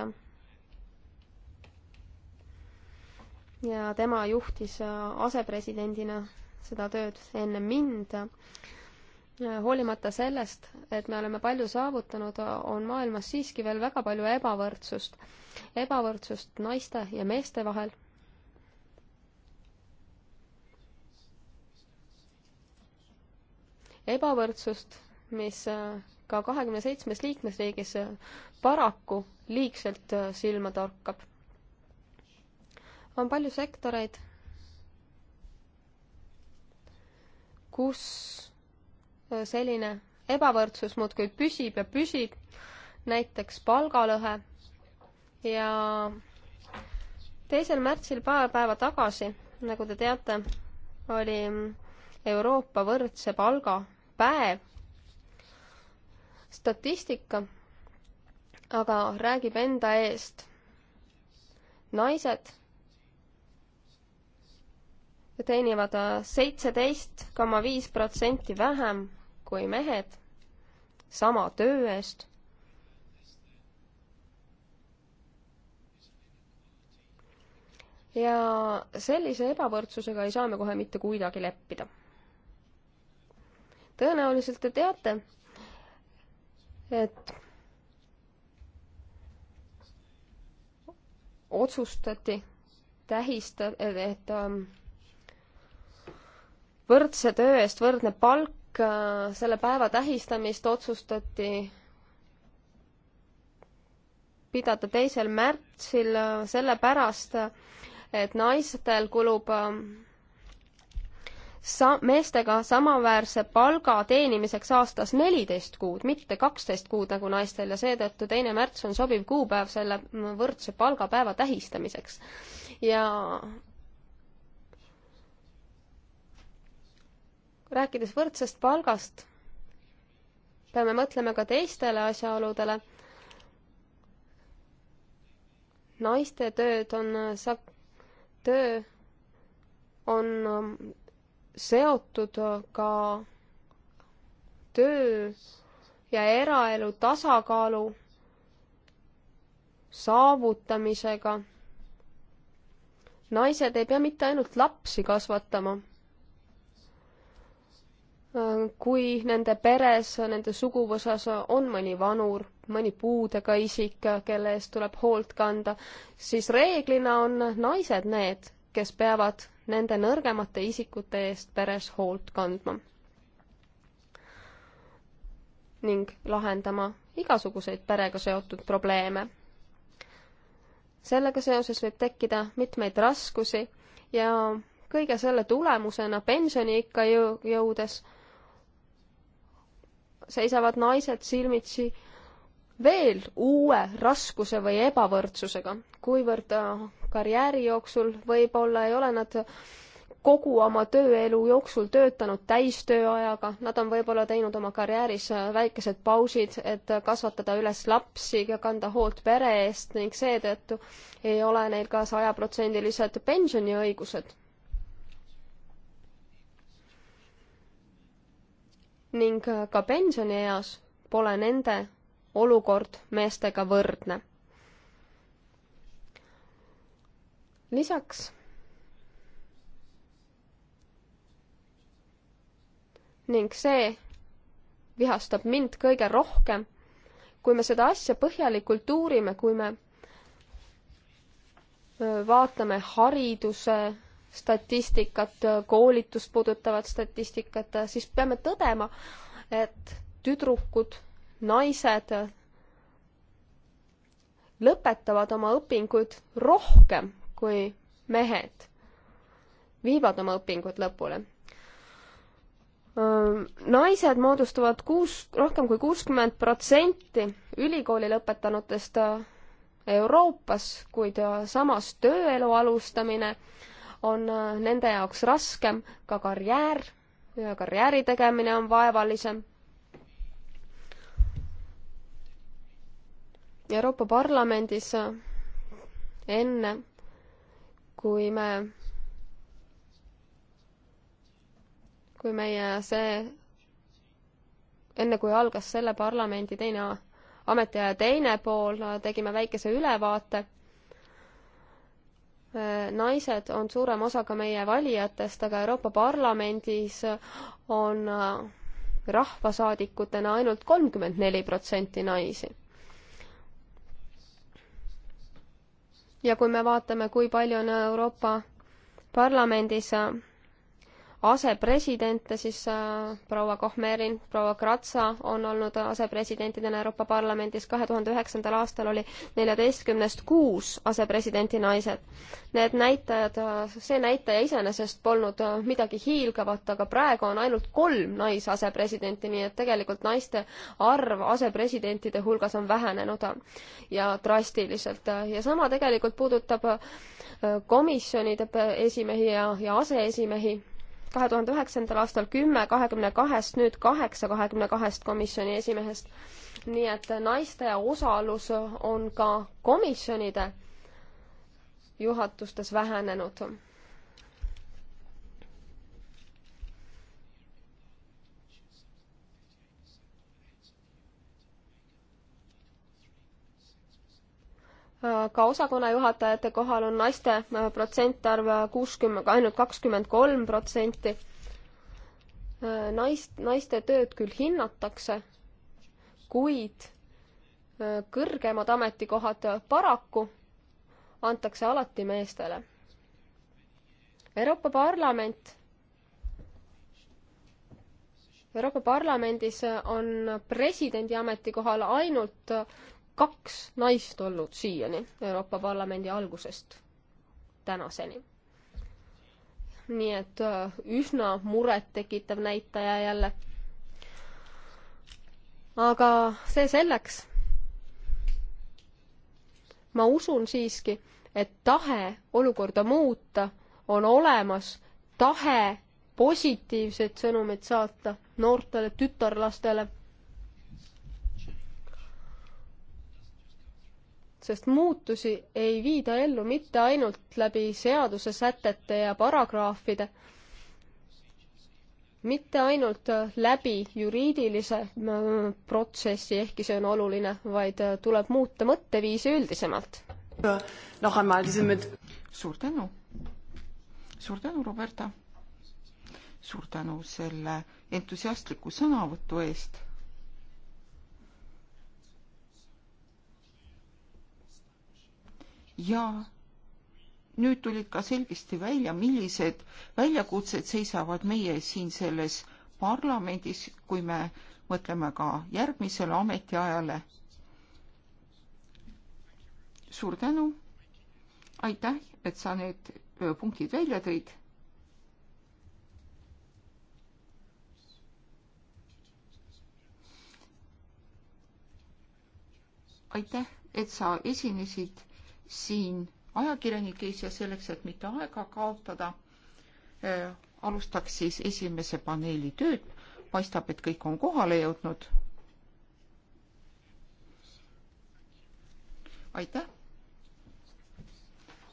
ja tema juhtis äh, asepresidendina seda tööd enne mind hoolimata sellest, et me oleme palju saavutanud, on maailmas siiski veel väga palju ebavõrdsust. ebavõrdsust naiste ja meeste vahel. ebavõrdsust, mis äh, ka kahekümne seitsmes liikmesriigis äh, paraku liigselt äh, silma torkab. on palju sektoreid, kus selline ebavõrdsus muudkui püsib ja püsib, näiteks palgalõhe ja teisel märtsil paar päeva tagasi, nagu te teate, oli Euroopa võrdse palga päev. statistika aga räägib enda eest. naised teenivad seitseteist koma viis protsenti vähem kui mehed sama töö eest. ja sellise ebavõrdsusega ei saa me kohe mitte kuidagi leppida. tõenäoliselt te teate, et otsustati tähistada, et, et ähm, võrdse töö eest võrdne palk Äh, selle päeva tähistamist otsustati pidada teisel märtsil äh, sellepärast, et naistel kulub äh, sa-, meestega samaväärse palga teenimiseks aastas neliteist kuud, mitte kaksteist kuud nagu naistel ja seetõttu teine märts on sobiv kuupäev selle mm, võrdse palgapäeva tähistamiseks. ja rääkides võrdsest palgast, peame mõtlema ka teistele asjaoludele. naiste tööd on, töö on um, seotud ka töö ja eraelu tasakaalu saavutamisega. naised ei pea mitte ainult lapsi kasvatama Ähm, kui nende peres, nende suguvõsas on mõni vanur, mõni puudega isik, kelle eest tuleb hoolt kanda, siis reeglina on naised need, kes peavad nende nõrgemate isikute eest peres hoolt kandma. ning lahendama igasuguseid perega seotud probleeme. sellega seoses võib tekkida mitmeid raskusi ja kõige selle tulemusena pensioniikka jõudes jõu seisavad naised silmitsi veel uue raskuse või ebavõrdsusega, kuivõrd äh, karjääri jooksul võib-olla ei ole nad kogu oma tööelu jooksul töötanud täistööajaga, nad on võib-olla teinud oma karjääris äh, väikesed pausid, et kasvatada üles lapsi ja kanda hoolt pere eest ning seetõttu ei ole neil ka sajaprotsendilised pensioniõigused. ning äh, ka pensionieas pole nende olukord meestega võrdne. lisaks ning see vihastab mind kõige rohkem, kui me seda asja põhjalikult uurime, kui me äh, vaatame hariduse statistikat, koolitust puudutavat statistikat, siis peame tõdema, et tüdrukud, naised lõpetavad oma õpinguid rohkem kui mehed, viivad oma õpingud lõpule. naised moodustavad kuus, rohkem kui kuuskümmend protsenti ülikooli lõpetanutest Euroopas, kuid samas tööelu alustamine äh, on äh, nende jaoks raskem, ka karjäär, karjääri tegemine on vaevalisem. Euroopa Parlamendis äh, enne, kui me, kui meie see, enne kui algas selle parlamendi teine ametiaja teine pool, äh, tegime väikese ülevaate naised on suurem osa ka meie valijatest, aga Euroopa Parlamendis on äh, rahvasaadikutena ainult kolmkümmend neli protsenti naisi. ja kui me vaatame, kui palju on Euroopa Parlamendis äh, asepresidente, siis äh, proua Kohmerin, proua Kratsa on olnud asepresidentidena Euroopa Parlamendis. kahe tuhande üheksandal aastal oli neljateistkümnest kuus asepresidenti naised. Need näitajad, äh, see näitaja iseenesest polnud äh, midagi hiilgavat, aga praegu on ainult kolm naisasepresidenti, nii et tegelikult naiste arv asepresidentide hulgas on vähenenud ja drastiliselt ja sama tegelikult puudutab komisjonide esimehi ja, ja aseesimehi kahe tuhande üheksandal aastal kümme kahekümne kahest, nüüd kaheksa kahekümne kahest komisjoni esimehest. nii et naiste osalus on ka komisjonide juhatustes vähenenud ka osakonnajuhatajate kohal on naiste äh, protsentarv äh, kuuskümmend, ainult kakskümmend kolm protsenti. Äh, naist, naiste tööd küll hinnatakse, kuid kõrgemad ametikohad paraku antakse alati meestele. Euroopa Parlament, Euroopa Parlamendis on presidendi ametikohal ainult kaks naist olnud siiani Euroopa Parlamendi algusest tänaseni. nii et äh, üsna murettekitav näitaja jälle. aga see selleks. ma usun siiski, et tahe olukorda muuta on olemas, tahe positiivseid sõnumeid saata noortele tütarlastele sest muutusi ei viida ellu mitte ainult läbi seadusesätete ja paragrahvide, mitte ainult läbi juriidilise äh, protsessi, ehkki see on oluline, vaid äh, tuleb muuta mõtteviisi üldisemalt. suur tänu. suur tänu, Roberta. suur tänu selle entusiastliku sõnavõtu eest ja nüüd tulid ka selgesti välja, millised väljakutsed seisavad meie siin selles parlamendis, kui me mõtleme ka järgmisele ametiajale. suur tänu, aitäh, et sa need punktid välja tõid. aitäh, et sa esinesid siin ajakirjanikes ja selleks, et mitte aega kaotada, eh, alustaks siis esimese paneeli tööd. paistab, et kõik on kohale jõudnud. aitäh.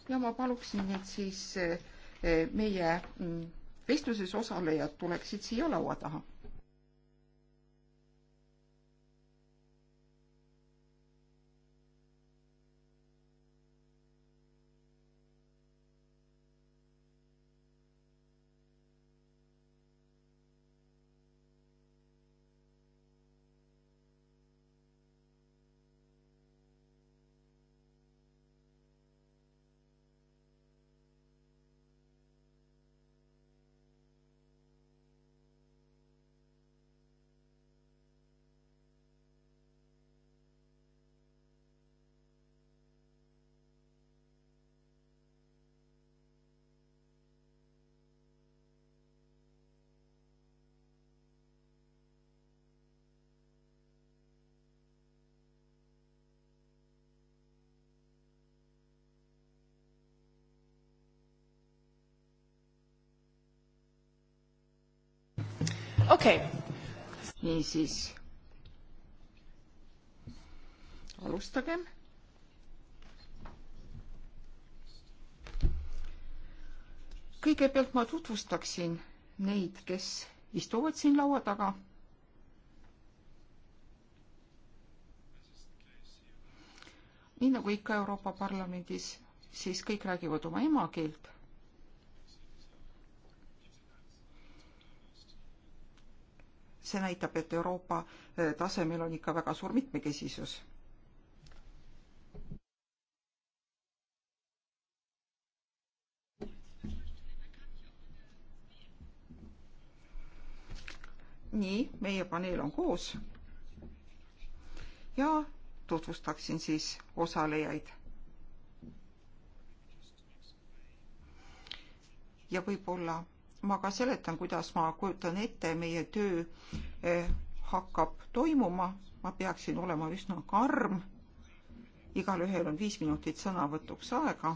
ja ma paluksin, et siis eh, meie mm, vestluses osalejad tuleksid siia laua taha okei okay.. niisiis. alustagem. kõigepealt ma tutvustaksin neid, kes istuvad siin laua taga. nii nagu ikka Euroopa Parlamendis, siis kõik räägivad oma emakeelt see näitab, et Euroopa eh, tasemel on ikka väga suur mitmekesisus. nii, meie paneel on koos. ja tutvustaksin siis osalejaid. ja võib-olla ma ka seletan, kuidas ma kujutan ette, meie töö eh, hakkab toimuma, ma peaksin olema üsna karm. igalühel on viis minutit sõnavõtuks aega.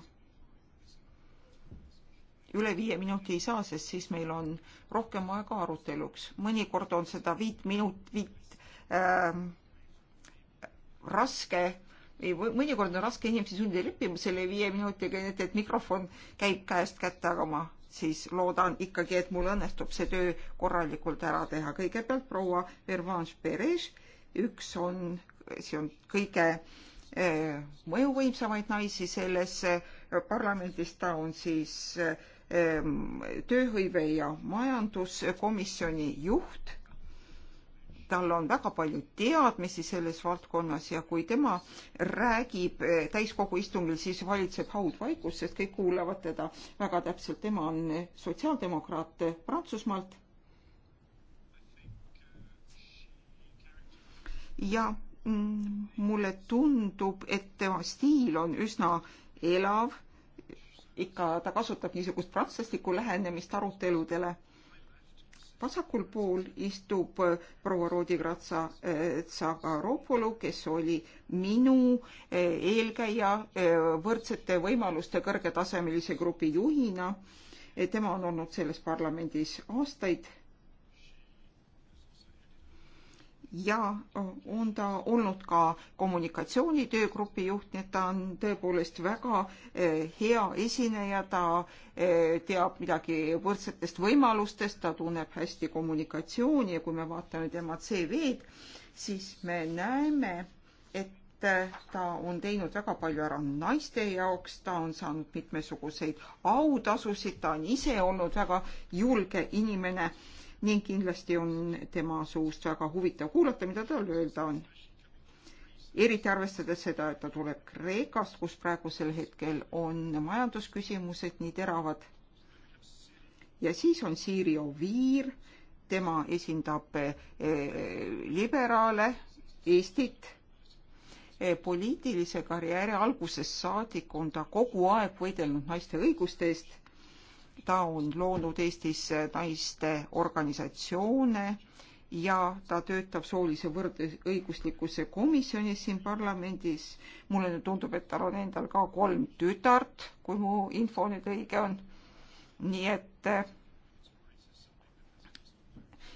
üle viie minuti ei saa, sest siis meil on rohkem aega aruteluks. mõnikord on seda viit minut, viit äh, raske ei, mõnikord on raske inimesi sundida leppima selle viie minutiga, nii et, et mikrofon käib käest kätte, aga ma siis loodan ikkagi, et mul õnnestub see töö korralikult ära teha. kõigepealt proua Vervanš Perez, üks on, see on kõige eh, mõjuvõimsamaid naisi selles eh, parlamendis, ta on siis eh, tööhõive ja majanduskomisjoni juht tal on väga palju teadmisi selles valdkonnas ja kui tema räägib eh, täiskogu istungil, siis valitseb haudvaikus, sest kõik kuulavad teda väga täpselt. tema on sotsiaaldemokraat Prantsusmaalt. ja mm, mulle tundub, et tema stiil on üsna elav. ikka ta kasutab niisugust prantslaslikku lähenemist aruteludele vasakul pool istub äh, proua Roodikratsa äh, Tsagaropolu, kes oli minu äh, eelkäija võrdsete võimaluste kõrgetasemelise grupi juhina. tema on olnud selles parlamendis aastaid ja on ta olnud ka kommunikatsioonitöögrupi juht, nii et ta on tõepoolest väga eh, hea esineja, ta eh, teab midagi võrdsetest võimalustest, ta tunneb hästi kommunikatsiooni ja kui me vaatame tema CV-d, siis me näeme, et eh, ta on teinud väga palju ära naiste jaoks, ta on saanud mitmesuguseid autasusid, ta on ise olnud väga julge inimene ning kindlasti on tema suust väga huvitav kuulata, mida tal öelda on. eriti arvestades seda, et ta tuleb Kreekast, kus praegusel hetkel on majandusküsimused nii teravad. ja siis on Siiri Oviir, tema esindab eh, liberaale Eestit eh, poliitilise karjääri algusest saadik on ta kogu aeg võidelnud naiste õiguste eest ta on loonud Eestis naiste organisatsioone ja ta töötab soolise võrdõiguslikkuse komisjonis siin parlamendis. mulle nüüd tundub, et tal on endal ka kolm tütart, kui mu info nüüd õige on. nii et,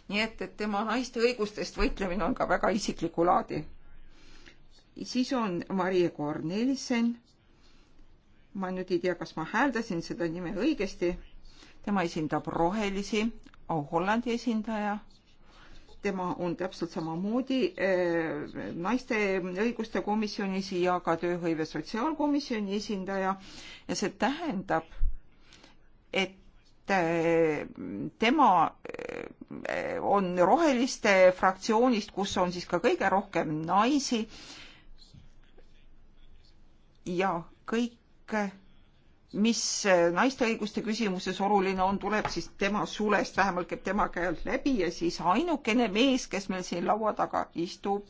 nii et, et tema naiste õigustest võitlemine on ka väga isiklikku laadi. siis on Marie Kornelisen. ma nüüd ei tea, kas ma hääldasin seda nime õigesti tema esindab rohelisi, Hollandi esindaja. tema on täpselt samamoodi eh, naiste õiguste komisjonis ja ka tööhõive sotsiaalkomisjoni esindaja ja see tähendab, et eh, tema eh, on roheliste fraktsioonist, kus on siis ka kõige rohkem naisi ja kõik mis äh, naiste õiguste küsimuses oluline on, tuleb siis tema sulest, vähemalt käib tema käelt läbi ja siis ainukene mees, kes meil siin laua taga istub,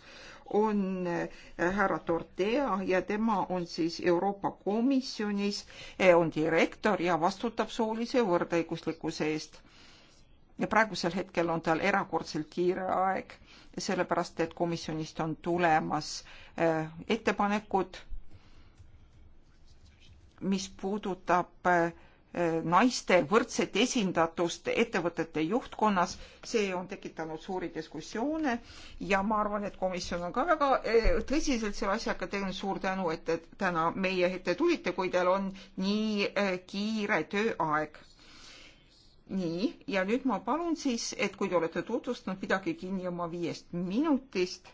on äh, härra Tortea ja tema on siis Euroopa Komisjonis, äh, on direktor ja vastutab soolise võrdõiguslikkuse eest. ja praegusel hetkel on tal erakordselt kiire aeg, sellepärast et komisjonist on tulemas ettepanekud mis puudutab eh, naiste võrdset esindatust ettevõtete juhtkonnas, see on tekitanud suuri diskussioone ja ma arvan, et komisjon on ka väga eh, tõsiselt selle asjaga teinud. suur tänu, et te täna meie ette tulite, kui teil on nii eh, kiire tööaeg. nii, ja nüüd ma palun siis, et kui te olete tutvustanud, pidage kinni oma viiest minutist.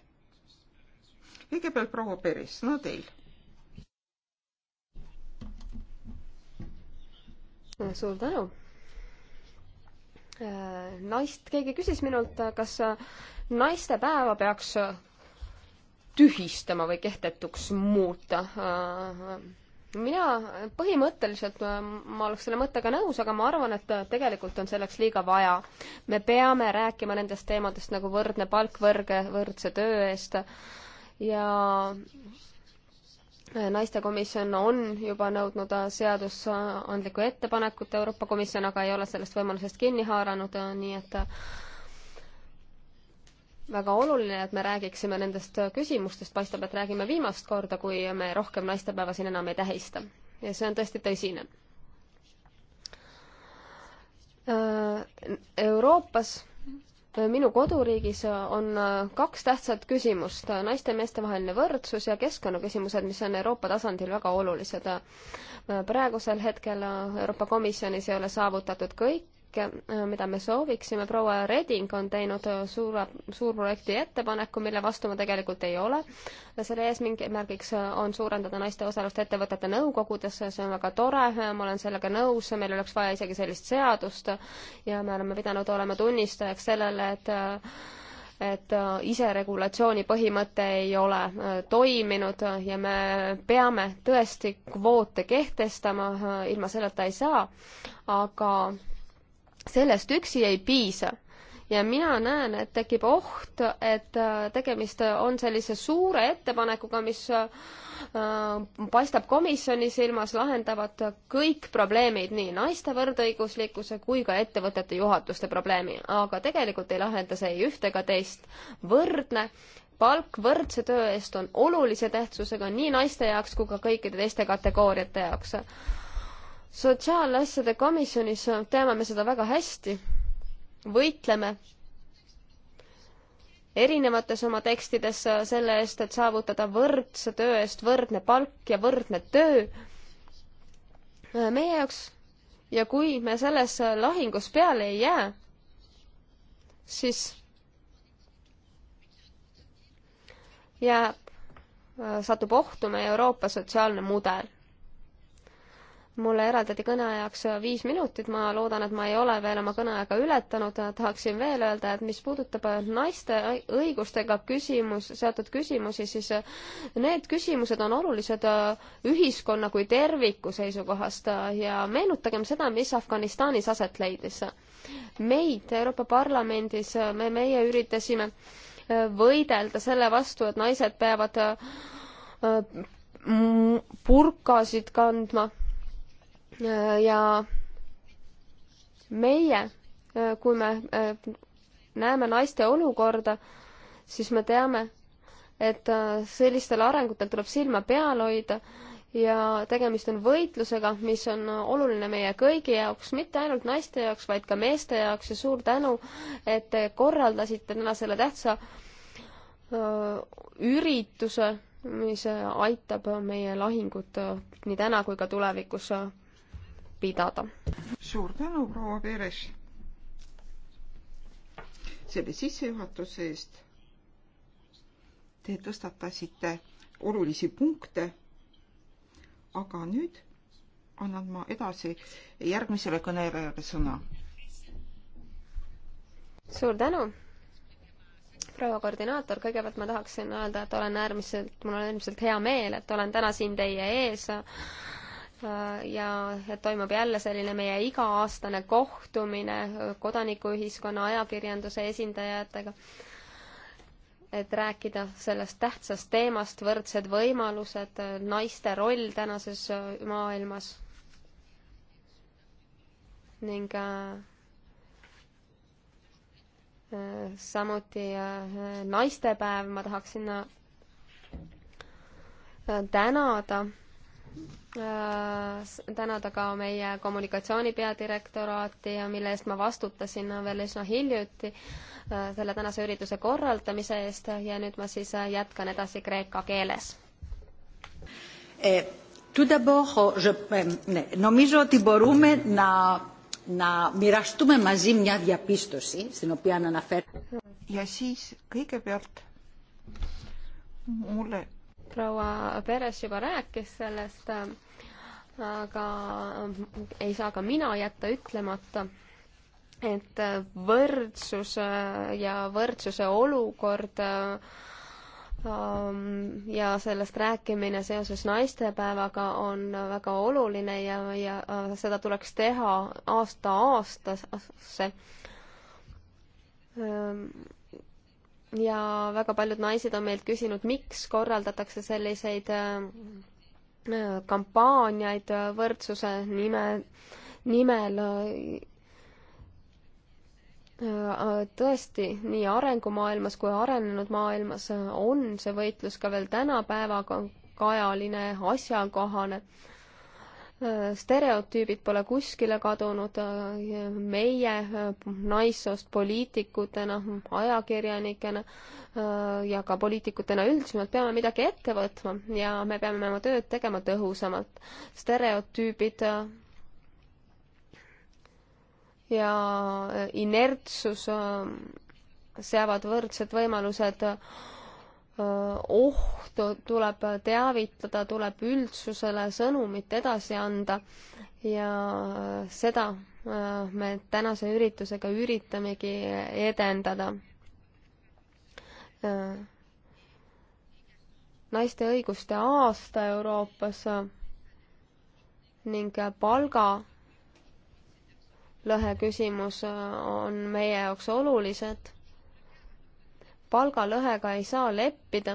kõigepealt proua Peres, sõna no teil suur tänu. Äh, naist, keegi küsis minult, kas äh, naistepäeva peaks äh, tühistama või kehtetuks muuta. mina põhimõtteliselt, ma oleks selle mõttega nõus, aga ma arvan, et tegelikult on selleks liiga vaja. me peame rääkima nendest teemadest nagu võrdne palk võrge, võrdse töö eest ja naistekomisjon on juba nõudnud äh, seadusandlikku ettepanekut, Euroopa Komisjon aga ei ole sellest võimalusest kinni haaranud, äh, nii et äh, väga oluline, et me räägiksime nendest küsimustest, paistab, et räägime viimast korda, kui me rohkem naistepäeva siin enam ei tähista. ja see on tõesti tõsine. Euroopas minu koduriigis on äh, kaks tähtsat küsimust, naiste ja meeste vaheline võrdsus ja keskkonnaküsimused, mis on Euroopa tasandil väga olulised. Äh, praegusel hetkel äh, Euroopa Komisjonis ei ole saavutatud kõik kõike, äh, mida me sooviksime, proua Reding on teinud äh, suure, suurprojekti ettepaneku, mille vastu ma tegelikult ei ole. selle eesmärgiks äh, on suurendada naiste osalust ettevõtete nõukogudes, see on väga tore, ma olen sellega nõus, meil oleks vaja isegi sellist seadust ja me oleme pidanud olema tunnistajaks sellele, et et iseregulatsiooni põhimõte ei ole toiminud ja me peame tõesti kvoote kehtestama, ilma selleta ei saa, aga sellest üksi ei piisa ja mina näen, et tekib oht, et äh, tegemist on sellise suure ettepanekuga, mis äh, paistab komisjoni silmas lahendavat kõik probleemid, nii naiste võrdõiguslikkuse kui ka ettevõtete juhatuste probleemi, aga tegelikult ei lahenda see ei üht ega teist. võrdne palk võrdse töö eest on olulise tähtsusega nii naiste jaoks kui ka kõikide teiste kategooriate jaoks sotsiaalasjade komisjonis teame me seda väga hästi, võitleme erinevates oma tekstides selle eest, et saavutada võrdse töö eest võrdne palk ja võrdne töö meie jaoks ja kui me selles lahingus peale ei jää, siis jääb, satub ohtu meie Euroopa sotsiaalne mudel mulle eraldati kõneajaks viis minutit, ma loodan, et ma ei ole veel oma kõneaega ületanud, tahaksin veel öelda, et mis puudutab naiste õigustega küsimus, seotud küsimusi, siis need küsimused on olulised ühiskonna kui terviku seisukohast ja meenutagem seda, mis Afganistanis aset leidis. meid Euroopa Parlamendis, me, meie üritasime võidelda selle vastu, et naised peavad äh, purkasid kandma ja meie, kui me näeme naiste olukorda, siis me teame, et sellistel arengutel tuleb silma peal hoida ja tegemist on võitlusega, mis on oluline meie kõigi jaoks, mitte ainult naiste jaoks, vaid ka meeste jaoks ja suur tänu, et te korraldasite täna selle tähtsa öö, ürituse, mis aitab meie lahingut nii täna kui ka tulevikus pidada. suur tänu, proua Peres, selle sissejuhatuse eest. Te tõstatasite olulisi punkte. aga nüüd annan ma edasi järgmisele kõnelejale sõna. suur tänu proua koordinaator, kõigepealt ma tahaksin öelda, et olen äärmiselt, mul on äärmiselt hea meel, et olen täna siin teie ees ja toimub jälle selline meie iga-aastane kohtumine kodanikuühiskonna ajakirjanduse esindajatega, et rääkida sellest tähtsast teemast, võrdsed võimalused, naiste roll tänases maailmas ning äh, äh, samuti äh, naistepäev, ma tahaksin tänada Äh, tänada ka meie kommunikatsiooni peadirektoraati, mille eest ma vastutasin veel üsna hiljuti äh, selle tänase ürituse korraldamise eest ja nüüd ma siis äh, jätkan edasi kreeka keeles. Νομίζω ότι μπορούμε να, να μοιραστούμε μαζί μια διαπίστωση στην οποία αναφέρεται. Ja siis kõigepealt mulle proua Peres juba rääkis sellest, aga ei saa ka mina jätta ütlemata, et võrdsus ja võrdsuse olukord ähm, ja sellest rääkimine seoses naistepäevaga on väga oluline ja, ja seda tuleks teha aasta aastasse ähm, ja väga paljud naised on meilt küsinud, miks korraldatakse selliseid äh, äh, kampaaniaid äh, võrdsuse nime, nimel. tõesti, nii arengumaailmas kui arenenud maailmas on see võitlus ka veel tänapäeva kajaline, asjakohane stereotüübid pole kuskile kadunud, äh, meie äh, naissoost poliitikutena, ajakirjanikena äh, ja ka poliitikutena üldisemalt peame midagi ette võtma ja me peame oma tööd tegema tõhusamalt. stereotüübid ja inertsus seavad võrdsed võimalused ohtu tuleb teavitada, tuleb üldsusele sõnumit edasi anda ja seda me tänase üritusega üritamegi edendada. naiste õiguste aasta Euroopas ning palga lõhe küsimus on meie jaoks olulised palgalõhega ei saa leppida.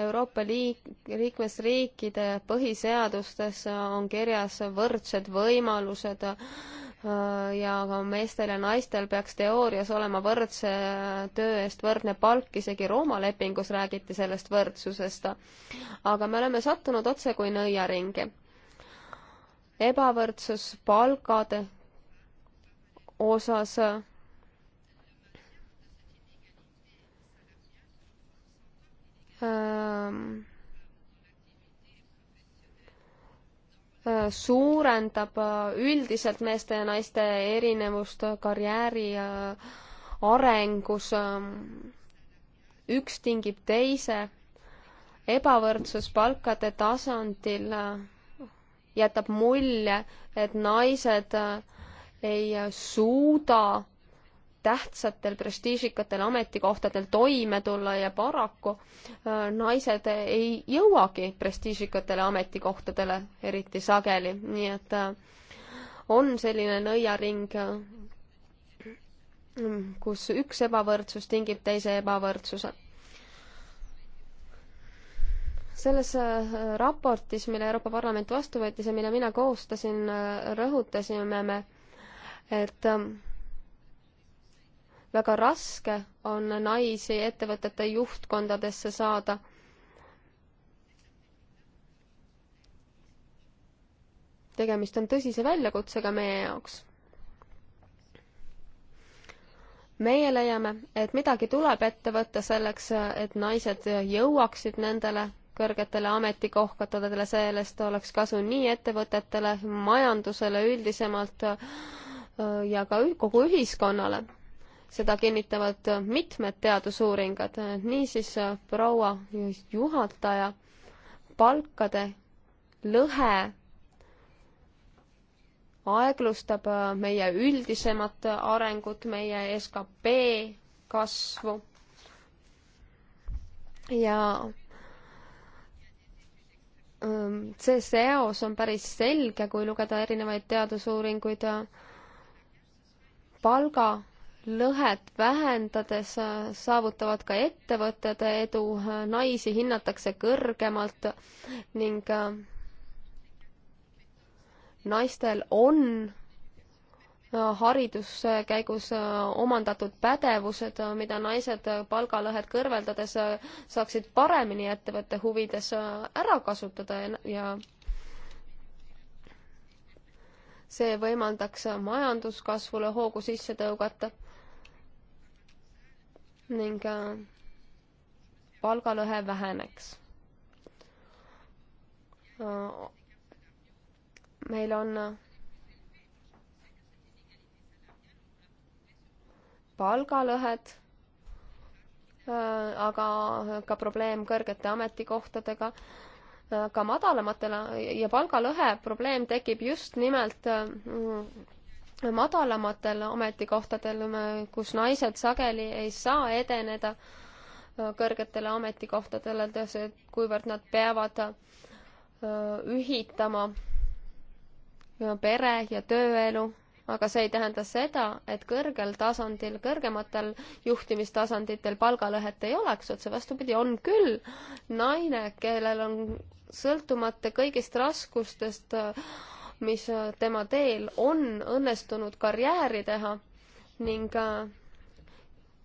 Euroopa liik-, liikmesriikide põhiseadustes on kirjas võrdsed võimalused äh, ja ka meestel ja naistel peaks teoorias olema võrdse töö eest võrdne palk, isegi Rooma lepingus räägiti sellest võrdsusest. aga me oleme sattunud otse kui nõiaringi. ebavõrdsus palgade osas Ähm, äh, suurendab äh, üldiselt meeste ja naiste erinevust karjääri äh, arengus. Ähm, üks tingib teise. ebavõrdsus palkade tasandil jätab mulje, et naised ei suuda tähtsatel prestiižikatel ametikohtadel toime tulla ja paraku äh, naised ei jõuagi prestiižikatele ametikohtadele eriti sageli, nii et äh, on selline nõiaring, äh, kus üks ebavõrdsus tingib teise ebavõrdsuse. selles raportis, mille Euroopa Parlament vastu võttis ja mille mina koostasin, rõhutasime me, et väga raske on naisi ettevõtete juhtkondadesse saada. tegemist on tõsise väljakutsega meie jaoks. meie leiame, et midagi tuleb ette võtta selleks, et naised jõuaksid nendele kõrgetele ametikohtadele, sellest oleks kasu nii ettevõtetele, majandusele üldisemalt äh, ja ka kogu ühiskonnale seda kinnitavad mitmed teadusuuringud, niisiis proua juhataja, palkade lõhe aeglustab meie üldisemat arengut, meie skp kasvu ja ähm, see seos on päris selge, kui lugeda erinevaid teadusuuringuid. palga lõhet vähendades äh, saavutavad ka ettevõtted edu, naisi hinnatakse kõrgemalt ning äh, naistel on äh, hariduse käigus omandatud pädevused, mida naised palgalõhed kõrveldades saaksid paremini ettevõtte huvides ära kasutada ja see võimaldaks majanduskasvule hoogu sisse tõugata ning äh, palgalõhe väheneks. Äh, meil on äh, palgalõhed, aga ka probleem kõrgete ametikohtadega, ka madalamatele ja palgalõhe probleem tekib just nimelt madalamatel ametikohtadel, kus naised sageli ei saa edeneda kõrgetele ametikohtadele, kuivõrd nad peavad ühitama pere ja tööelu, aga see ei tähenda seda, et kõrgel tasandil, kõrgematel juhtimistasanditel palgalõhet ei oleks, otse vastupidi, on küll naine, kellel on sõltumata kõigist raskustest äh, mis äh, tema teel on õnnestunud karjääri teha ning äh,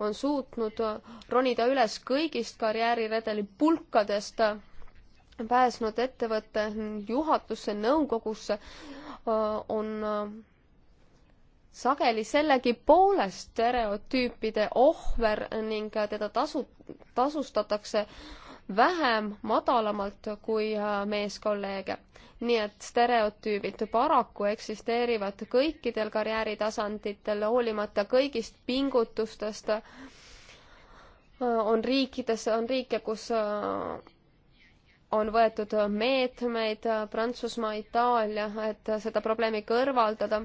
on suutnud äh, ronida üles kõigist karjääriredeli pulkadest, pääsnud ettevõtte juhatusse, nõukogusse, on sageli sellegipoolest stereotüüpide ohver ning teda tasu, tasustatakse vähem, madalamalt kui äh, meeskolleege. nii et stereotüübid paraku eksisteerivad kõikidel karjääritasanditel, hoolimata kõigist pingutustest. Äh, on riikides, on riike, kus äh, on võetud meetmeid, Prantsusmaa, Itaalia, et seda probleemi kõrvaldada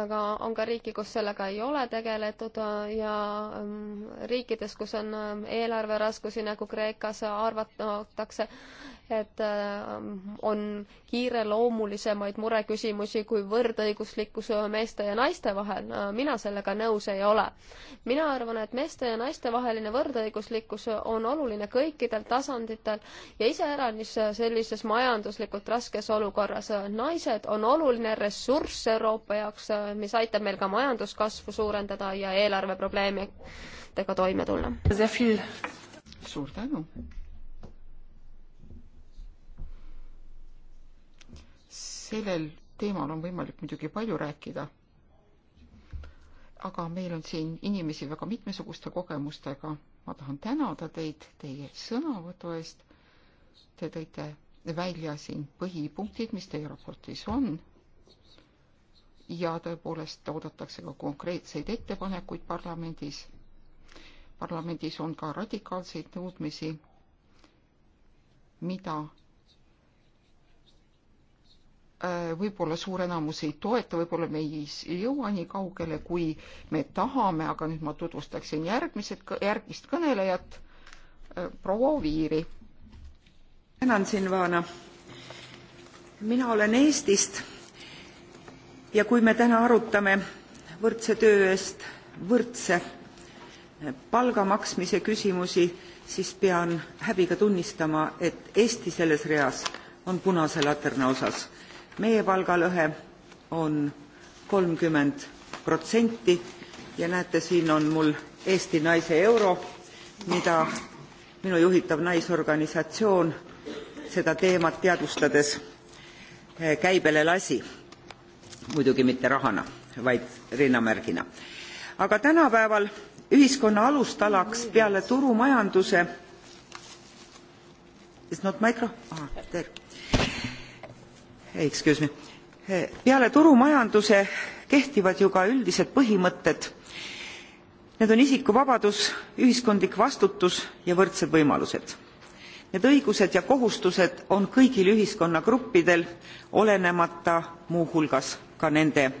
aga on ka riike, kus sellega ei ole tegeletud äh, ja ähm, riikides, kus on ähm, eelarveraskusi, nagu Kreekas arvatakse, et ähm, on kiireloomulisemaid mureküsimusi kui võrdõiguslikkus meeste ja naiste vahel. mina sellega nõus ei ole. mina arvan, et meeste ja naiste vaheline võrdõiguslikkus on oluline kõikidel tasanditel ja iseäranis sellises majanduslikult raskes olukorras. naised on oluline ressurss Euroopa jaoks, mis aitab meil ka majanduskasvu suurendada ja eelarveprobleemidega toime tulla. suur tänu! sellel teemal on võimalik muidugi palju rääkida. aga meil on siin inimesi väga mitmesuguste kogemustega. ma tahan tänada teid teie sõnavõtu eest. Te tõite välja siin põhipunktid, mis teie raportis on. ja tõepoolest oodatakse ka konkreetseid ettepanekuid parlamendis. parlamendis on ka radikaalseid nõudmisi, mida Äh, võib-olla suur enamus ei toeta, võib-olla me ei jõua nii kaugele, kui me tahame, aga nüüd ma tutvustaksin järgmised, järgmist kõnelejat, äh, proua Oviiri. tänan, Silvana. mina olen Eestist ja kui me täna arutame võrdse töö eest võrdse äh, palga maksmise küsimusi, siis pean häbiga tunnistama, et Eesti selles reas on punase laterna osas meie palgalõhe on kolmkümmend protsenti ja näete siin on mul eesti naise euro mida minu juhitav naisorganisatsioon seda teemat teadvustades eh, käibele lasi muidugi mitte rahana vaid rinnamärgina aga tänapäeval ühiskonna alustalaks peale turumajanduse is not micro ah there peale turumajanduse kehtivad ju ka üldised põhimõtted need on isikuvabadus ühiskondlik vastutus ja võrdsed võimalused. need õigused ja kohustused on kõigil ühiskonnagruppidel olenemata muuhulgas ka nende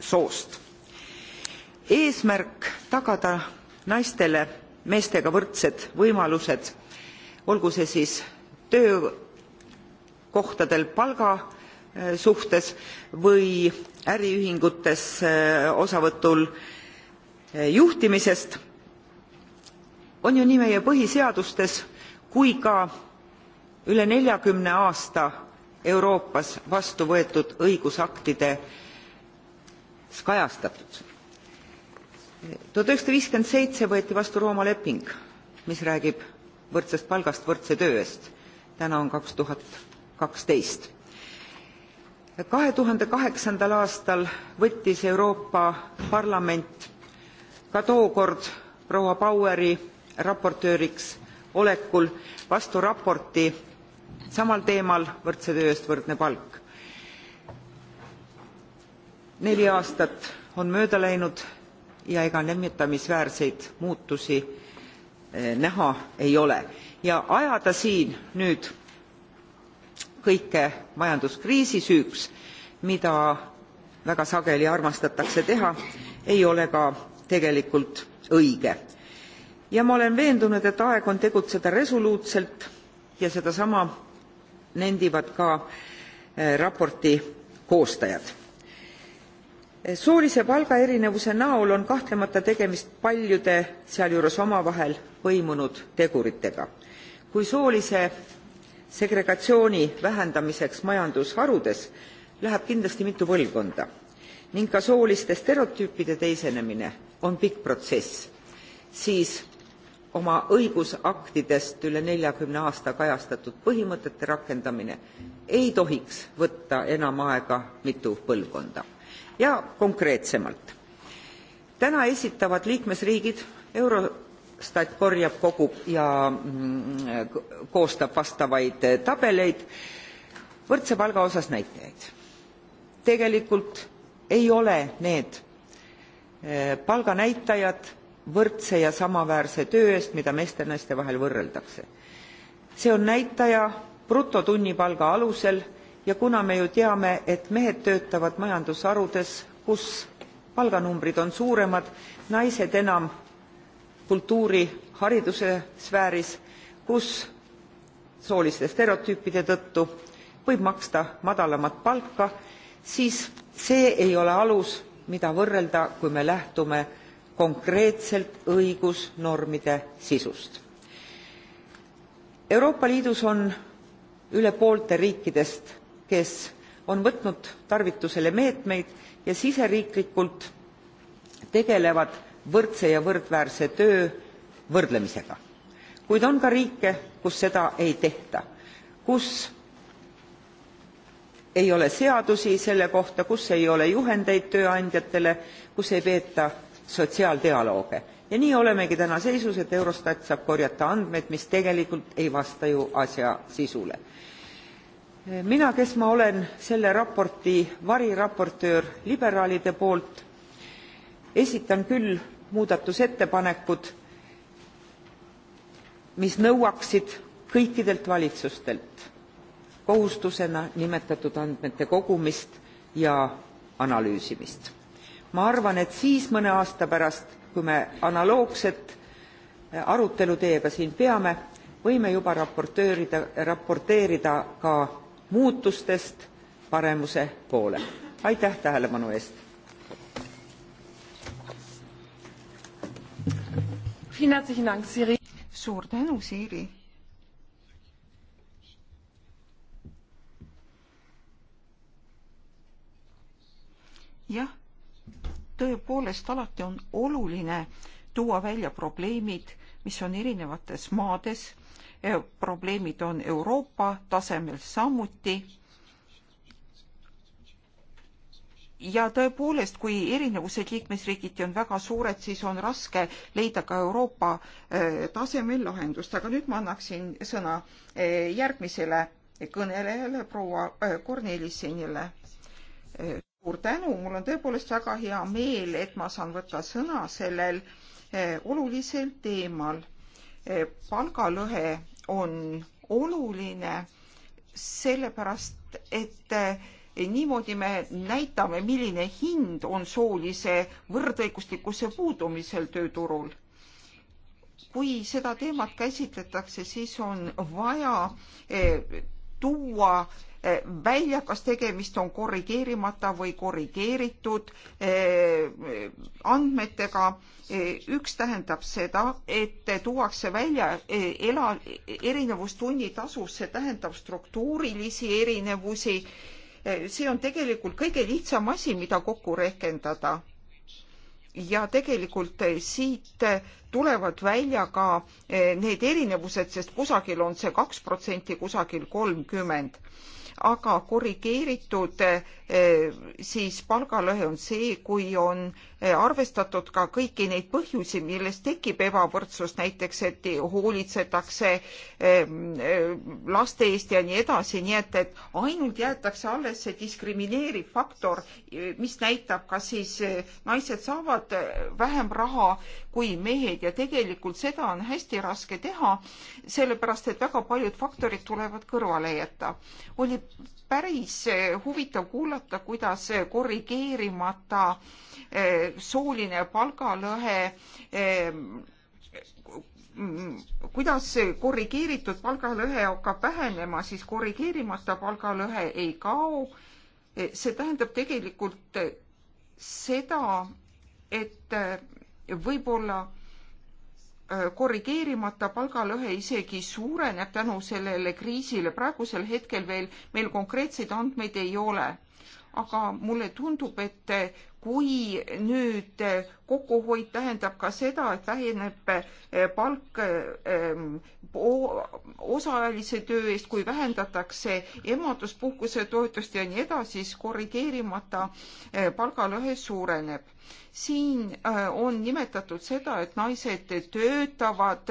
soost. eesmärk tagada naistele meestega võrdsed võimalused olgu see siis töökohtadel palga suhtes või äriühingutes äh, osavõtul äh, juhtimisest on ju nii meie põhiseadustes kui ka üle neljakümne aasta euroopas vastu võetud õigusaktides kajastatud. 1957 võeti vastu rooma leping mis räägib võrdsest palgast võrdse töö eest täna on 2012 aastal võttis euroopa parlament ka tookord proua baueri raportööriks olekul vastu raporti samal teemal võrdse töö eest võrdne palk. neli aastat on mööda läinud ja ega nimetamisväärseid muutusi eh, näha ei ole ja ajada siin nüüd kõike majanduskriisi süüks mida väga sageli armastatakse teha ei ole ka tegelikult õige ja ma olen veendunud et aeg on tegutseda resoluutselt ja sedasama nendivad ka eh, raporti koostajad soolise palgaerinevuse näol on kahtlemata tegemist paljude sealjuures omavahel põimunud teguritega kui soolise segregatsiooni vähendamiseks majandusharudes läheb kindlasti mitu põlvkonda ning ka sooliste stereotüüpide teisenemine on pikk protsess siis oma õigusaktidest üle neljakümne aasta kajastatud põhimõtete rakendamine ei tohiks võtta enam aega mitu põlvkonda ja konkreetsemalt täna esitavad liikmesriigid euro eurostat korjab kogub ja mm, koostab vastavaid eh, tabeleid võrdse palga osas näitajaid. tegelikult ei ole need eh, palganäitajad võrdse ja samaväärse töö eest mida meeste ja naiste vahel võrreldakse. see on näitaja brutotunnipalga alusel ja kuna me ju teame et mehed töötavad majandusharudes kus palganumbrid on suuremad naised enam kultuuri hariduse sfääris kus sooliste stereotüüpide tõttu võib maksta madalamat palka siis see ei ole alus mida võrrelda kui me lähtume konkreetselt õigusnormide sisust. euroopa liidus on üle poolte riikidest kes on võtnud tarvitusele meetmeid ja siseriiklikult tegelevad võrdse ja võrdväärse töö võrdlemisega kuid on ka riike kus seda ei tehta kus ei ole seadusi selle kohta kus ei ole juhendeid tööandjatele kus ei peeta sotsiaaldialoogi ja nii olemegi täna seisus et eurostat saab korjata andmeid mis tegelikult ei vasta ju asja sisule. mina kes ma olen selle raporti variraportöör liberaalide poolt esitan küll muudatusettepanekud mis nõuaksid kõikidelt valitsustelt kohustusena nimetatud andmete kogumist ja analüüsimist. ma arvan et siis mõne aasta pärast kui me analoogset arutelu teiega siin peame võime juba raporteerida, raporteerida ka muutustest paremuse poole. aitäh tähelepanu eest! suur tänu, Siiri. jah, tõepoolest alati on oluline tuua välja probleemid, mis on erinevates maades. Eh, probleemid on Euroopa tasemel samuti ja tõepoolest, kui erinevused liikmesriigiti on väga suured, siis on raske leida ka Euroopa eh, tasemel lahendust, aga nüüd ma annaksin sõna eh, järgmisele kõnelejale, proua eh, Kornelissenile. suur tänu, mul on tõepoolest väga hea meel, et ma saan võtta sõna sellel olulisel teemal. palgalõhe on oluline sellepärast, et niimoodi me näitame, milline hind on soolise võrdõiguslikkuse puudumisel tööturul. kui seda teemat käsitletakse, siis on vaja eh, tuua eh, välja, kas tegemist on korrigeerimata või korrigeeritud eh, andmetega. üks tähendab seda, et tuuakse välja ela, erinevus tunnitasus, see tähendab struktuurilisi erinevusi see on tegelikult kõige lihtsam asi, mida kokku rehkendada. ja tegelikult siit tulevad välja ka eh, need erinevused, sest kusagil on see kaks protsenti, kusagil kolmkümmend aga korrigeeritud eh, siis palgalõhe on see, kui on eh, arvestatud ka kõiki neid põhjusi, millest tekib ebavõrdsus, näiteks et hoolitsetakse ehm, eh, laste eest ja nii edasi, nii et, et ainult jäetakse alles see diskrimineeriv faktor, mis näitab, kas siis naised saavad vähem raha kui mehed ja tegelikult seda on hästi raske teha, sellepärast et väga paljud faktorid tulevad kõrvale jätta. oli päris eh, huvitav kuulata, kuidas eh, korrigeerimata eh, sooline palgalõhe kuidas korrigeeritud palgalõhe hakkab vähenema, siis korrigeerimata palgalõhe ei kao. see tähendab tegelikult seda, et võib-olla äh, korrigeerimata palgalõhe isegi suureneb tänu sellele kriisile. praegusel hetkel veel meil konkreetseid andmeid ei ole, aga mulle tundub, et kui nüüd kokkuhoid tähendab ka seda, et väheneb eh, palk eh, osaajalise töö eest, kui vähendatakse emaduspuhkuse toetust ja nii edasi, siis korrigeerimata eh, palgalõhe suureneb. siin on nimetatud seda, et naised töötavad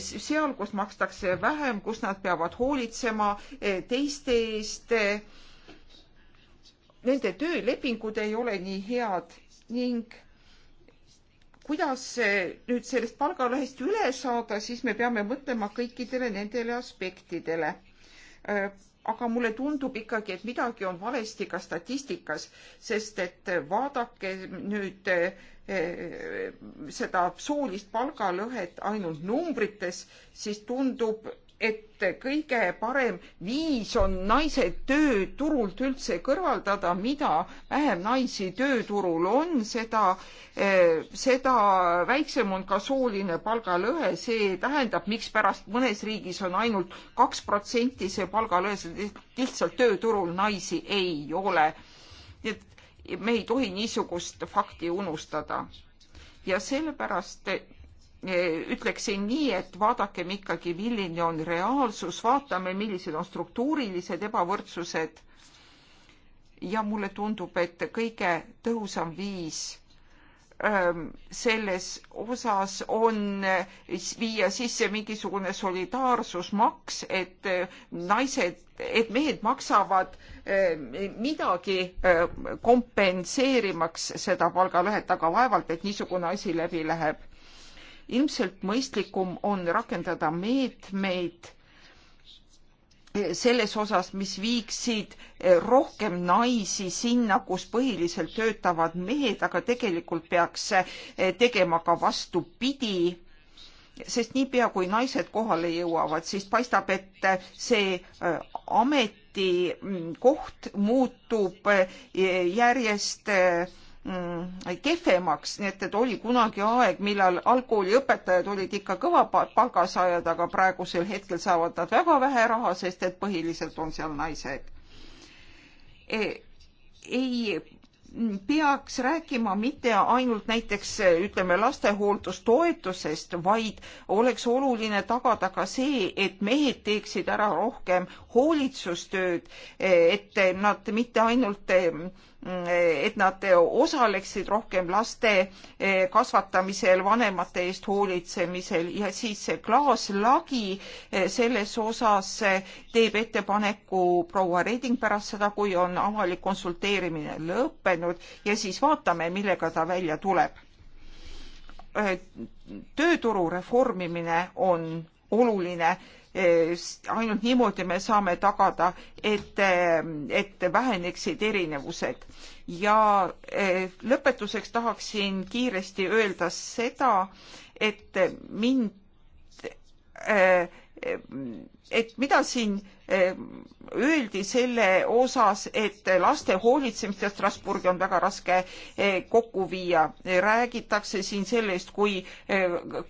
seal, kus makstakse vähem, kus nad peavad hoolitsema teiste eest nende töölepingud ei ole nii head ning kuidas nüüd sellest palgalõhest üle saada, siis me peame mõtlema kõikidele nendele aspektidele. Äh, aga mulle tundub ikkagi, et midagi on valesti ka statistikas, sest et vaadake nüüd äh, seda soolist palgalõhet ainult numbrites, siis tundub, et et kõige parem viis on naised tööturult üldse kõrvaldada, mida vähem naisi tööturul on, seda, eh, seda väiksem on ka sooline palgalõhe, see tähendab, mikspärast mõnes riigis on ainult kaks protsenti see palgalõhe, lihtsalt tööturul naisi ei ole. nii et me ei tohi niisugust fakti unustada ja sellepärast Eh, ütleksin nii, et vaadakem ikkagi, milline on reaalsus, vaatame, millised on struktuurilised ebavõrdsused. ja mulle tundub, et kõige tõhusam viis ähm, selles osas on äh, viia sisse mingisugune solidaarsusmaks, et äh, naised, et mehed maksavad äh, midagi kompenseerimaks seda palgalõhet, aga vaevalt, et niisugune asi läbi läheb ilmselt mõistlikum on rakendada meetmeid selles osas, mis viiksid rohkem naisi sinna, kus põhiliselt töötavad mehed, aga tegelikult peaks tegema ka vastupidi sest niipea kui naised kohale jõuavad, siis paistab, et see äh, ametikoht mm, muutub äh, järjest äh, Mm, kehvemaks, nii et, et oli kunagi aeg, millal algkooliõpetajad olid ikka kõva palgasaajad, aga praegusel hetkel saavad nad väga vähe raha, sest et põhiliselt on seal naised. E, ei peaks rääkima mitte ainult näiteks ütleme lastehooldustoetusest, vaid oleks oluline tagada ka see, et mehed teeksid ära rohkem hoolitsustööd, et nad mitte ainult et nad osaleksid rohkem laste eh, kasvatamisel, vanemate eest hoolitsemisel ja siis see klaaslagi eh, selles osas eh, teeb ettepaneku proua Reding pärast seda, kui on avalik konsulteerimine lõppenud ja siis vaatame, millega ta välja tuleb. tööturu reformimine on oluline Äh, ainult niimoodi me saame tagada, et, äh, et väheneksid erinevused. ja äh, lõpetuseks tahaksin kiiresti öelda seda, et mind et mida siin öeldi selle osas, et laste hoolitsemist ja Strasbourgi on väga raske kokku viia. räägitakse siin sellest, kui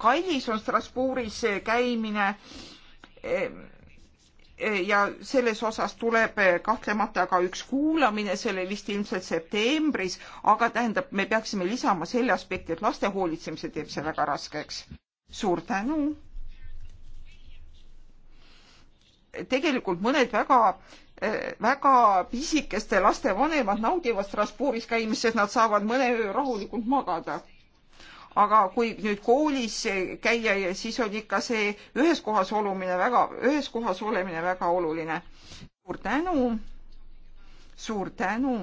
kallis on Strasbourgis käimine Ehm, eh, ja selles osas tuleb eh, kahtlemata ka üks kuulamine, see oli vist ilmselt septembris, aga tähendab, me peaksime lisama selle aspekti, et laste hoolitsemise teeb see väga raskeks. suur tänu. tegelikult mõned väga eh, väga pisikeste laste vanemad naudivad Strasbourgis käimist, sest nad saavad mõne öö rahulikult magada aga kui nüüd koolis käia ja siis on ikka see ühes kohas olumine väga, ühes kohas olemine väga oluline. suur tänu, suur tänu,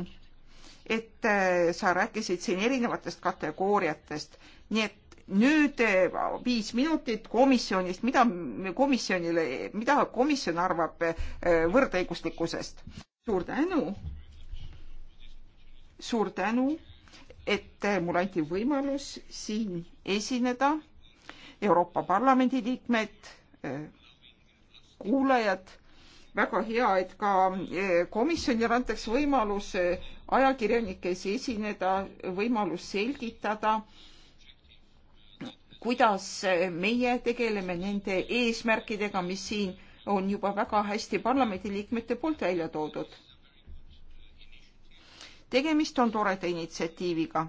et äh, sa rääkisid siin erinevatest kategooriatest, nii et nüüd äh, viis minutit komisjonist, mida komisjonile, mida komisjon arvab äh, võrdõiguslikkusest? suur tänu. suur tänu et mulle anti võimalus siin esineda. Euroopa Parlamendi liikmed, kuulajad, väga hea, et ka eh, komisjonile antakse võimalus eh, ajakirjanikes esineda, võimalus selgitada, kuidas eh, meie tegeleme nende eesmärkidega, mis siin on juba väga hästi parlamendiliikmete poolt välja toodud tegemist on toreda initsiatiiviga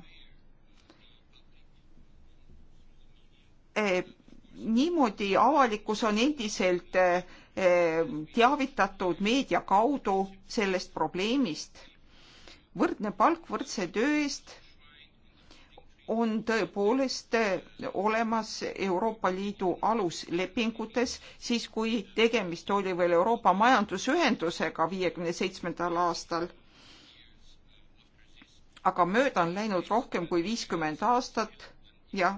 e,. niimoodi avalikkus on endiselt e, teavitatud meedia kaudu sellest probleemist. võrdne palk võrdse töö eest on tõepoolest eh, olemas Euroopa Liidu aluslepingutes, siis kui tegemist oli veel Euroopa Majandusühendusega viiekümne seitsmendal aastal aga mööda on läinud rohkem kui viiskümmend aastat ja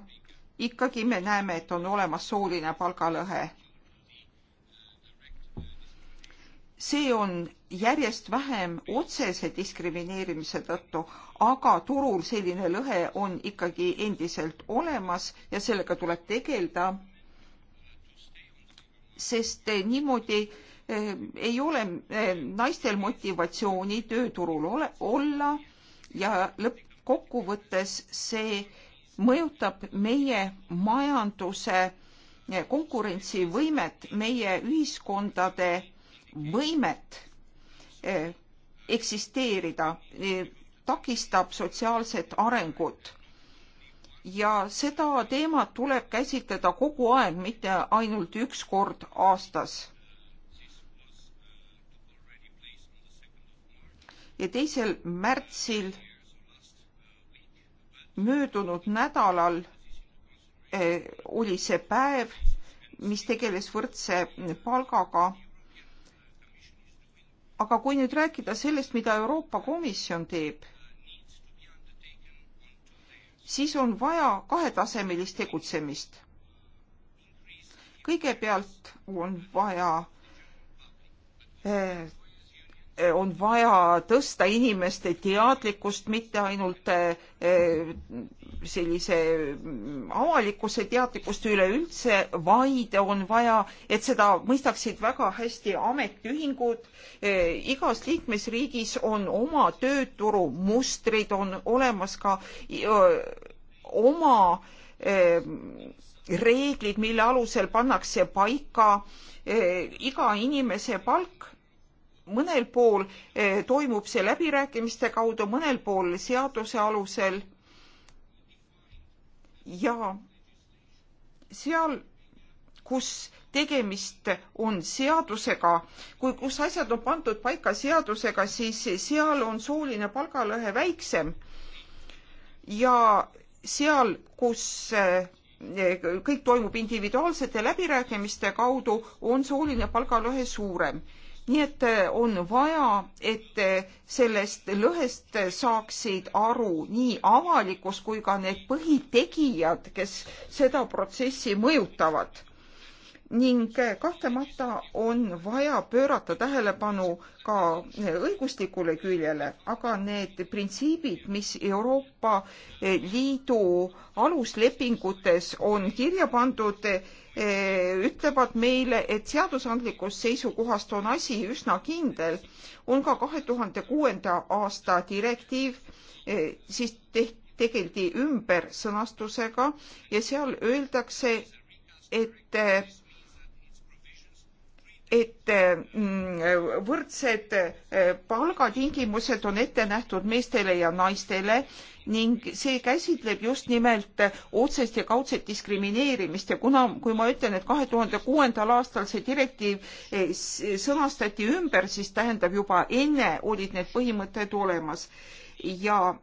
ikkagi me näeme, et on olemas sooline palgalõhe. see on järjest vähem otsese diskrimineerimise tõttu, aga turul selline lõhe on ikkagi endiselt olemas ja sellega tuleb tegeleda. sest niimoodi eh, ei ole eh, naistel motivatsiooni tööturul ole, olla ja lõppkokkuvõttes see mõjutab meie majanduse konkurentsivõimet, meie ühiskondade võimet eh, eksisteerida, eh, takistab sotsiaalset arengut. ja seda teemat tuleb käsitleda kogu aeg, mitte ainult üks kord aastas. ja teisel märtsil möödunud nädalal eh, oli see päev, mis tegeles võrdse palgaga. aga kui nüüd rääkida sellest, mida Euroopa Komisjon teeb, siis on vaja kahetasemelist tegutsemist. kõigepealt on vaja eh, Eh, on vaja tõsta inimeste teadlikkust, mitte ainult eh, sellise mm, avalikkuse teadlikkust üleüldse, vaid on vaja, et seda mõistaksid väga hästi ametiühingud. Eh, igas liikmesriigis on oma tööturu mustrid, on olemas ka oma reeglid, mille alusel pannakse paika iga inimese palk mõnel pool eh, toimub see läbirääkimiste kaudu, mõnel pool seaduse alusel. ja seal, kus tegemist on seadusega, kui, kus asjad on pandud paika seadusega, siis seal on sooline palgalõhe väiksem. ja seal, kus eh, kõik toimub individuaalsete läbirääkimiste kaudu, on sooline palgalõhe suurem nii et eh, on vaja, et eh, sellest lõhest saaksid aru nii avalikkus kui ka need põhitegijad, kes seda protsessi mõjutavad. ning eh, kahtlemata on vaja pöörata tähelepanu ka õiguslikule küljele, aga need printsiibid, mis Euroopa Liidu aluslepingutes on kirja pandud, Eh, ütlevad meile, et seadusandlikust seisukohast on asi üsna kindel, on ka kahe tuhande kuuenda aasta direktiiv, eh, siis tehti tegeldi ümbersõnastusega ja seal öeldakse, et eh, et mm, võrdsed eh, palgatingimused on ette nähtud meestele ja naistele ning see käsitleb just nimelt otsest ja kaudset diskrimineerimist ja kuna, kui ma ütlen, et kahe tuhande kuuendal aastal see direktiiv eh, sõnastati ümber, siis tähendab juba enne olid need põhimõtted olemas ja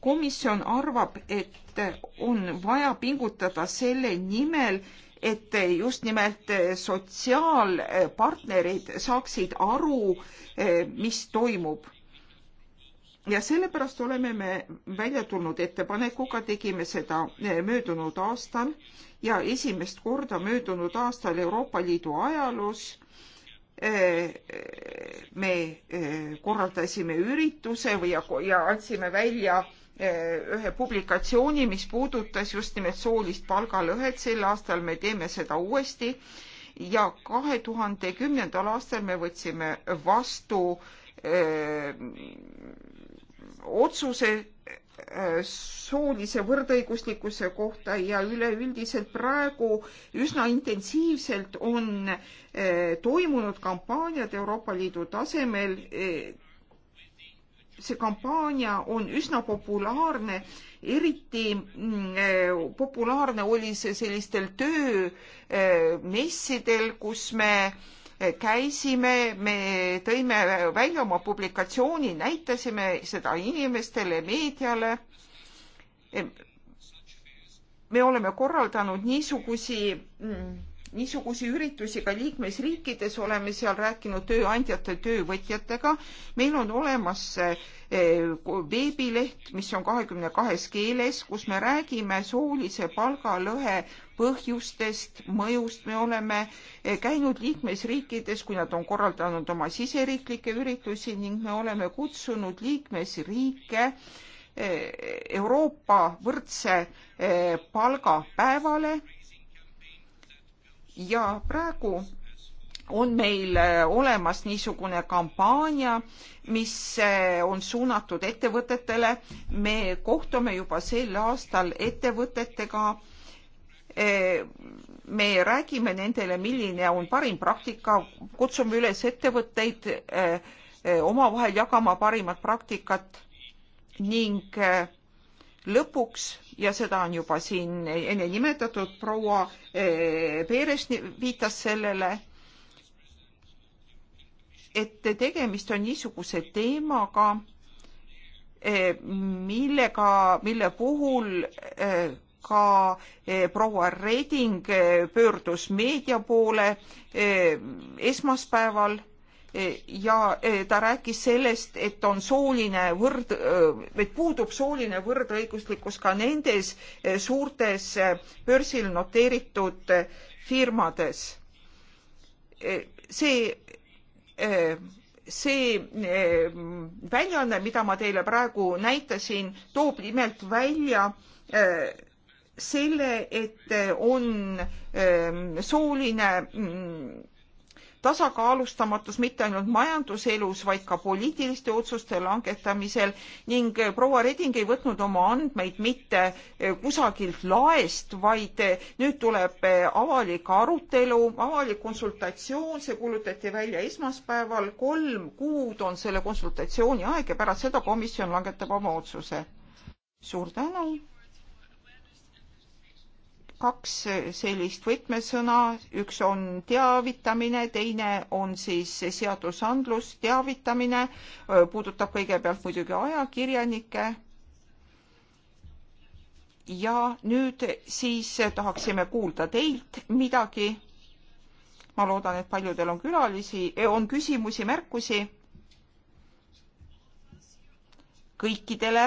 komisjon arvab, et on vaja pingutada selle nimel, et just nimelt eh, sotsiaalpartnerid saaksid aru, eh, mis toimub. ja sellepärast oleme me välja tulnud ettepanekuga, tegime seda eh, möödunud aastal ja esimest korda möödunud aastal Euroopa Liidu ajaloos me korraldasime ürituse või ja, ja andsime välja Eh, ühe publikatsiooni, mis puudutas just nimelt soolist palgalõhet, sel aastal me teeme seda uuesti ja kahe tuhande kümnendal aastal me võtsime vastu öö, eh, otsuse eh, soolise võrdõiguslikkuse kohta ja üleüldiselt praegu üsna intensiivselt on toimunud kampaaniad Euroopa Liidu tasemel see kampaania on üsna populaarne, eriti mm, eh, populaarne oli see sellistel töömessidel, kus me eh, käisime, me tõime välja oma publikatsiooni, näitasime seda inimestele, meediale. me oleme korraldanud niisugusi mm, niisugusi üritusi ka liikmesriikides, oleme seal rääkinud tööandjate, töövõtjatega. meil on olemas eh, veebileht, mis on kahekümne kahes keeles, kus me räägime soolise palgalõhe põhjustest, mõjust. me oleme eh, käinud liikmesriikides, kui nad on korraldanud oma siseriiklikke üritusi ning me oleme kutsunud liikmesriike eh, Euroopa võrdse palgapäevale ja praegu on meil äh, olemas niisugune kampaania, mis äh, on suunatud ettevõtetele. me kohtume juba sel aastal ettevõtetega. Äh, me räägime nendele, milline on parim praktika, kutsume üles ettevõtteid omavahel jagama parimat praktikat ning lõpuks ja seda on juba siin enne nimetatud, proua eh, Peeres viitas sellele, et tegemist on niisuguse teemaga, eh, millega, mille puhul eh, ka proua Reding pöördus meedia poole esmaspäeval ja e, ta rääkis sellest, et on sooline võrd, e, et puudub sooline võrdõiguslikkus ka nendes e, suurtes börsil noteeritud firmades. see, see väljaanne, mida ma teile praegu näitasin, toob nimelt välja selle, et on sooline tasakaalustamatus mitte ainult majanduselus, vaid ka poliitiliste otsuste langetamisel ning proua Reding ei võtnud oma andmeid mitte kusagilt laest, vaid nüüd tuleb avalik arutelu, avalik konsultatsioon, see kuulutati välja esmaspäeval, kolm kuud on selle konsultatsiooni aeg ja pärast seda komisjon langetab oma otsuse. suur tänu kaks sellist võtmesõna, üks on teavitamine, teine on siis seadusandlus, teavitamine puudutab kõigepealt muidugi ajakirjanikke. ja nüüd siis tahaksime kuulda teilt midagi. ma loodan, et paljudel on külalisi, on küsimusi, märkusi. kõikidele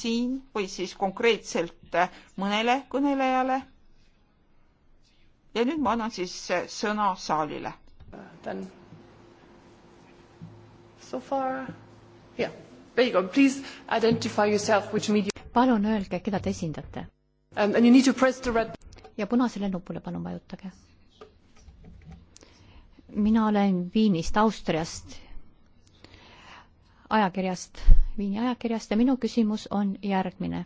siin või siis konkreetselt mõnele kõnelejale ja nüüd ma annan siis eh, sõna saalile. Uh, then so far yeah, there you go, please identify yourself, which media. palun öelge, keda te esindate um,. And you need to press the red. ja punasele nupule palun vajutage. mina olen Viinist, Austriast, ajakirjast, Viini ajakirjast ja minu küsimus on järgmine.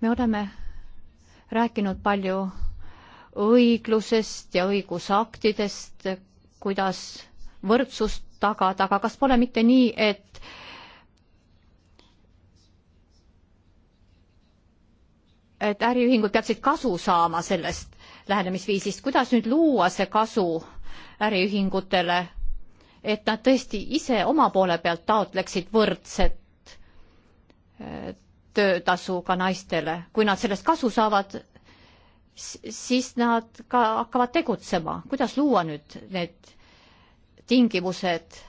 me oleme rääkinud palju õiglusest ja õigusaktidest, kuidas võrdsust tagada, aga kas pole mitte nii, et et äriühingud peaksid kasu saama sellest lähenemisviisist, kuidas nüüd luua see kasu äriühingutele, et nad tõesti ise oma poole pealt taotleksid võrdset eh, töötasu ka naistele, kui nad sellest kasu saavad, siis nad ka hakkavad tegutsema. kuidas luua nüüd need tingimused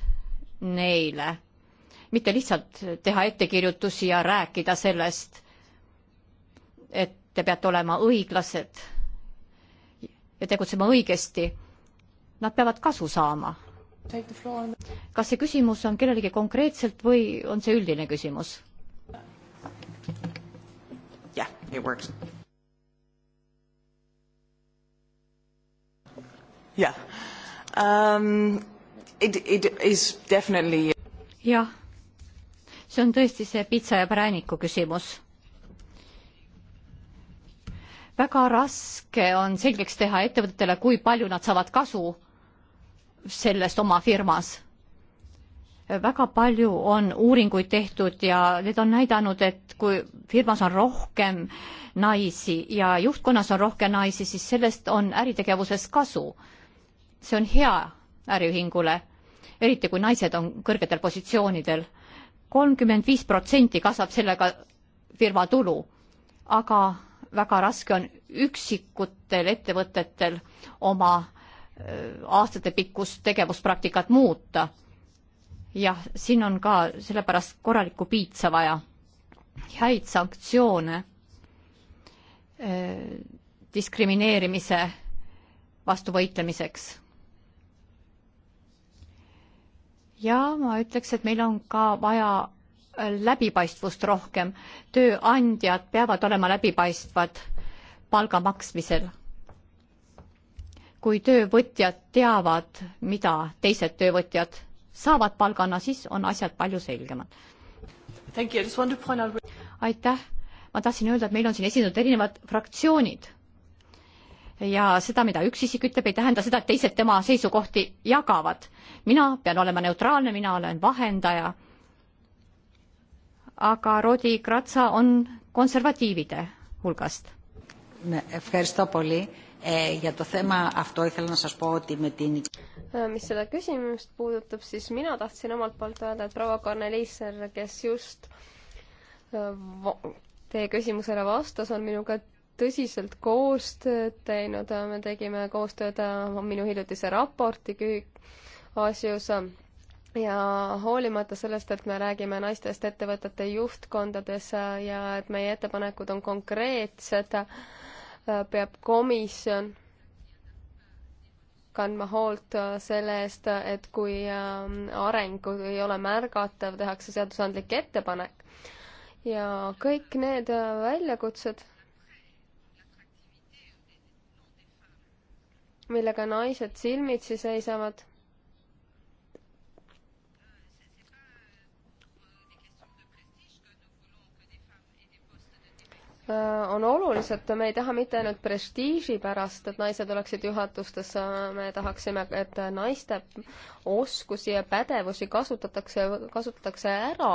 neile? mitte lihtsalt teha ettekirjutusi ja rääkida sellest, et te peate olema õiglased ja tegutsema õigesti. Nad peavad kasu saama. kas see küsimus on kellelegi konkreetselt või on see üldine küsimus? jah yeah,, it works jah um,. It, it is definitely. jah, see on tõesti see pitsa ja prääniku küsimus. väga raske on selgeks teha ettevõtetele, kui palju nad saavad kasu sellest oma firmas väga palju on uuringuid tehtud ja need on näidanud, et kui firmas on rohkem naisi ja juhtkonnas on rohkem naisi, siis sellest on äritegevuses kasu see on hea äriühingule, eriti kui naised on kõrgetel positsioonidel. kolmkümmend viis protsenti kasvab sellega firma tulu, aga väga raske on üksikutel ettevõtetel oma äh, aastatepikkust tegevuspraktikat muuta. jah, siin on ka sellepärast korralikku piitsa vaja, häid sanktsioone äh, diskrimineerimise vastu võitlemiseks ja ma ütleks, et meil on ka vaja äh, läbipaistvust rohkem. tööandjad peavad olema läbipaistvad palga maksmisel. kui töövõtjad teavad, mida teised töövõtjad saavad palgana, siis on asjad palju selgemad. aitäh, ma tahtsin öelda, et meil on siin esindatud erinevad fraktsioonid ja seda, mida üks isik ütleb, ei tähenda seda, et teised tema seisukohti jagavad. mina pean olema neutraalne, mina olen vahendaja. aga Rodi Kratsa on konservatiivide hulgast. mis seda küsimust puudutab, siis mina tahtsin omalt poolt öelda, et proua Kornelisser, kes just äh, teie küsimusele vastas, on minuga tõsiselt koostööd teinud, me tegime koostööd äh, minu hiljutise raporti asjus ja hoolimata sellest, et me räägime naistest ettevõtete juhtkondades äh, ja et meie ettepanekud on konkreetsed, äh, peab komisjon kandma hoolt selle eest, et kui areng ei ole märgatav, tehakse seadusandlik ettepanek. ja kõik need väljakutsed millega naised silmitsi seisavad Äh, on olulised, me ei taha mitte ainult prestiiži pärast, et naised oleksid juhatustes, äh, me tahaksime, et naiste oskusi ja pädevusi kasutatakse, kasutatakse ära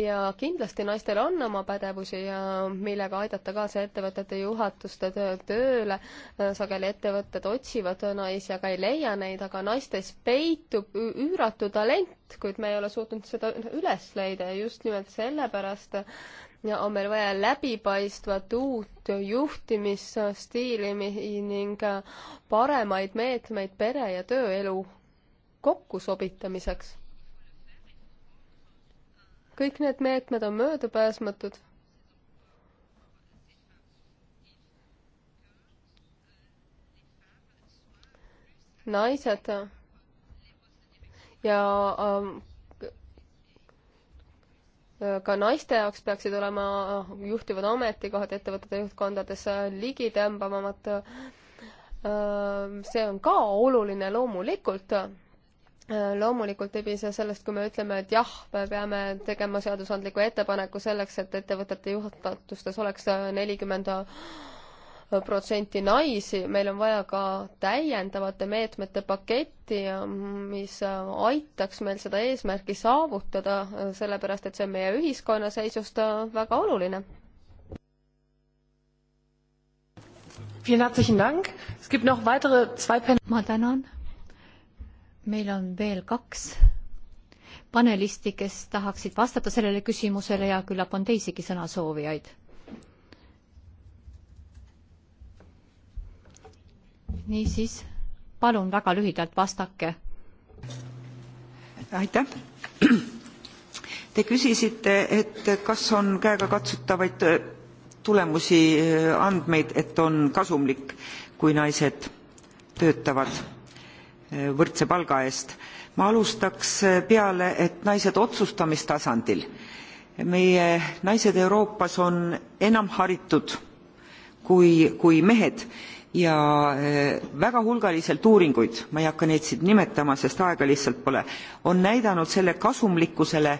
ja kindlasti naistel on oma pädevusi ja millega aidata kaasa ettevõtete juhatuste tööle. Äh, sageli ettevõtted otsivad naisi, aga ei leia neid, aga naistes peitub üüratu talent, kuid me ei ole suutnud seda üles leida ja just nimelt sellepärast on meil vaja läbipaistvat uut juhtimisstiili ning äh, paremaid meetmeid pere ja tööelu kokkusobitamiseks. kõik need meetmed on möödapääsmatud naised äh, ja ähm, ka naiste jaoks peaksid olema juhtivad ametikohad ettevõtete juhtkondades ligitõmbavamad. see on ka oluline loomulikult. loomulikult ei piisa sellest, kui me ütleme, et jah, me peame tegema seadusandliku ettepaneku selleks, et ettevõtete juhatustes oleks nelikümmend protsenti naisi, meil on vaja ka täiendavate meetmete paketti, mis aitaks meil seda eesmärki saavutada, sellepärast et see on meie ühiskonna seisust äh, väga oluline. ma tänan. meil on veel kaks panelisti, kes tahaksid vastata sellele küsimusele ja küllap on teisigi sõnasoovijaid niisiis, palun väga lühidalt vastake. aitäh. Te küsisite, et kas on käegakatsutavaid äh, tulemusi, äh, andmeid, et on kasumlik, kui naised töötavad äh, võrdse palga eest. ma alustaks peale, et naised otsustamistasandil meie naised euroopas on enam haritud kui, kui mehed ja eh, väga hulgaliselt uuringuid ma ei hakka neid siin nimetama sest aega lihtsalt pole on näidanud selle kasumlikkusele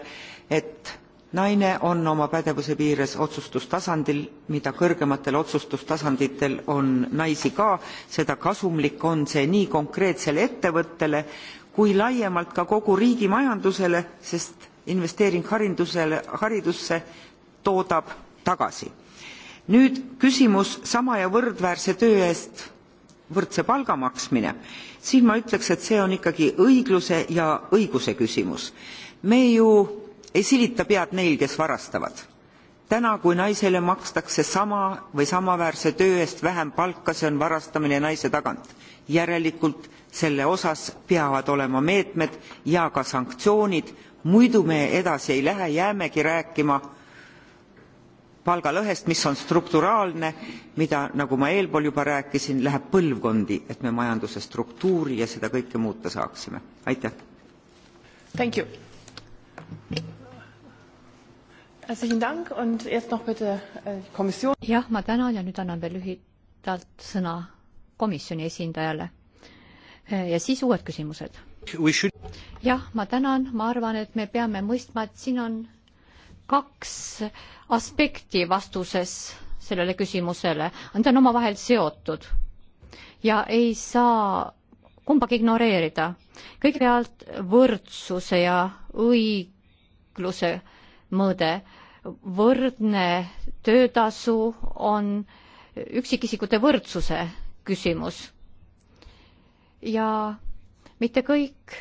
et naine on oma pädevuse piires otsustustasandil mida kõrgematel otsustustasanditel on naisi ka seda kasumlik on see nii konkreetsele ettevõttele kui laiemalt ka kogu riigi majandusele sest investeering haridusele haridusse toodab tagasi nüüd küsimus sama ja võrdväärse töö eest võrdse palga maksmine siin ma ütleks et see on ikkagi õigluse ja õiguse küsimus me ju ei silita pead neil kes varastavad täna kui naisele makstakse sama või samaväärse töö eest vähem palka see on varastamine naise tagant järelikult selle osas peavad olema meetmed ja ka sanktsioonid muidu me edasi ei lähe jäämegi rääkima palgalõhest mis on strukturaalne mida nagu ma eelpool juba rääkisin läheb põlvkondi et me majanduse struktuuri ja seda kõike muuta saaksime aitäh thank you herzlichen dank und jetzt noch bitte äh, kommission jah ma tänan ja nüüd annan veel lühidalt sõna komisjoni esindajale äh, ja siis uued küsimused jah ma tänan ma arvan et me peame mõistma et siin on kaks aspekti vastuses sellele küsimusele, need on omavahel seotud ja ei saa kumbagi ignoreerida. kõigepealt võrdsuse ja õigluse mõõde. võrdne töötasu on üksikisikute võrdsuse küsimus. ja mitte kõik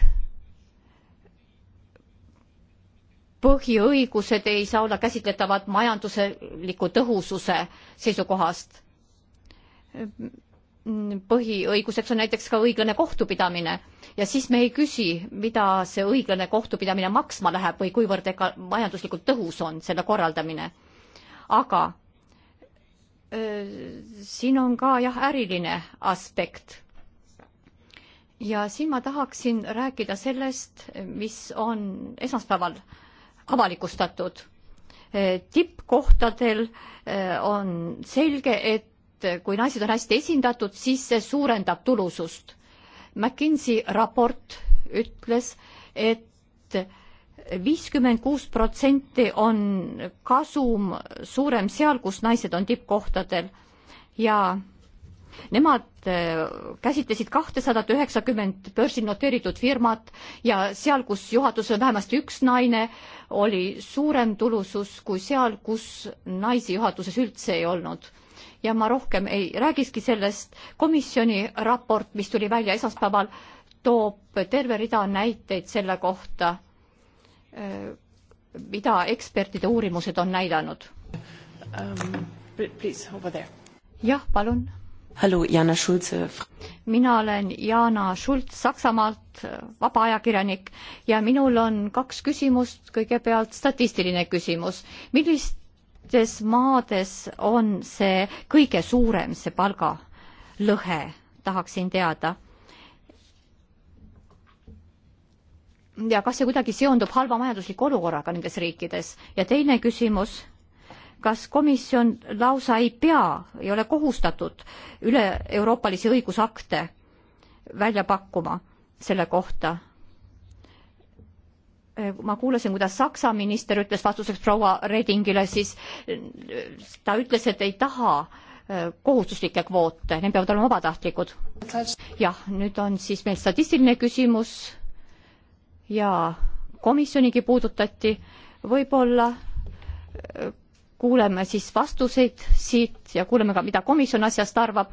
põhiõigused ei saa olla käsitletavad majandusliku tõhususe seisukohast. põhiõiguseks on näiteks ka õiglane kohtupidamine ja siis me ei küsi, mida see õiglane kohtupidamine maksma läheb või kuivõrd ega majanduslikult tõhus on selle korraldamine. aga siin on ka jah, äriline aspekt. ja siin ma tahaksin rääkida sellest, mis on esmaspäeval äh, avalikustatud. Eh, tippkohtadel eh, on selge, et eh, kui naised on hästi esindatud, siis see suurendab tulusust. McKinsey raport ütles, et viiskümmend kuus protsenti on kasum suurem seal, kus naised on tippkohtadel ja Nemad äh, käsitlesid kahtesadat üheksakümmend börsil noteeritud firmat ja seal, kus juhatuses on vähemasti üks naine, oli suurem tulusus kui seal, kus naisi juhatuses üldse ei olnud ja ma rohkem ei räägikski sellest. komisjoni raport, mis tuli välja esmaspäeval, toob terve rida näiteid selle kohta, äh, mida ekspertide uurimused on näidanud. Um, jah, palun hallo, Jana Schulze. mina olen Jana Schulz Saksamaalt, vaba ajakirjanik ja minul on kaks küsimust, kõigepealt statistiline küsimus. millistes maades on see kõige suurem, see palgalõhe, tahaksin teada ja kas see kuidagi seondub halva majandusliku olukorraga nendes riikides ja teine küsimus kas komisjon lausa ei pea, ei ole kohustatud üle-euroopalisi õigusakte välja pakkuma selle kohta? ma kuulasin, kuidas Saksa minister ütles vastuseks proua Redingile, siis ta ütles, et ei taha äh, kohustuslikke kvoote, need peavad olema vabatahtlikud. jah, nüüd on siis meil statistiline küsimus ja komisjonigi puudutati, võib-olla äh, kuuleme siis vastuseid siit ja kuuleme ka, mida komisjon asjast arvab.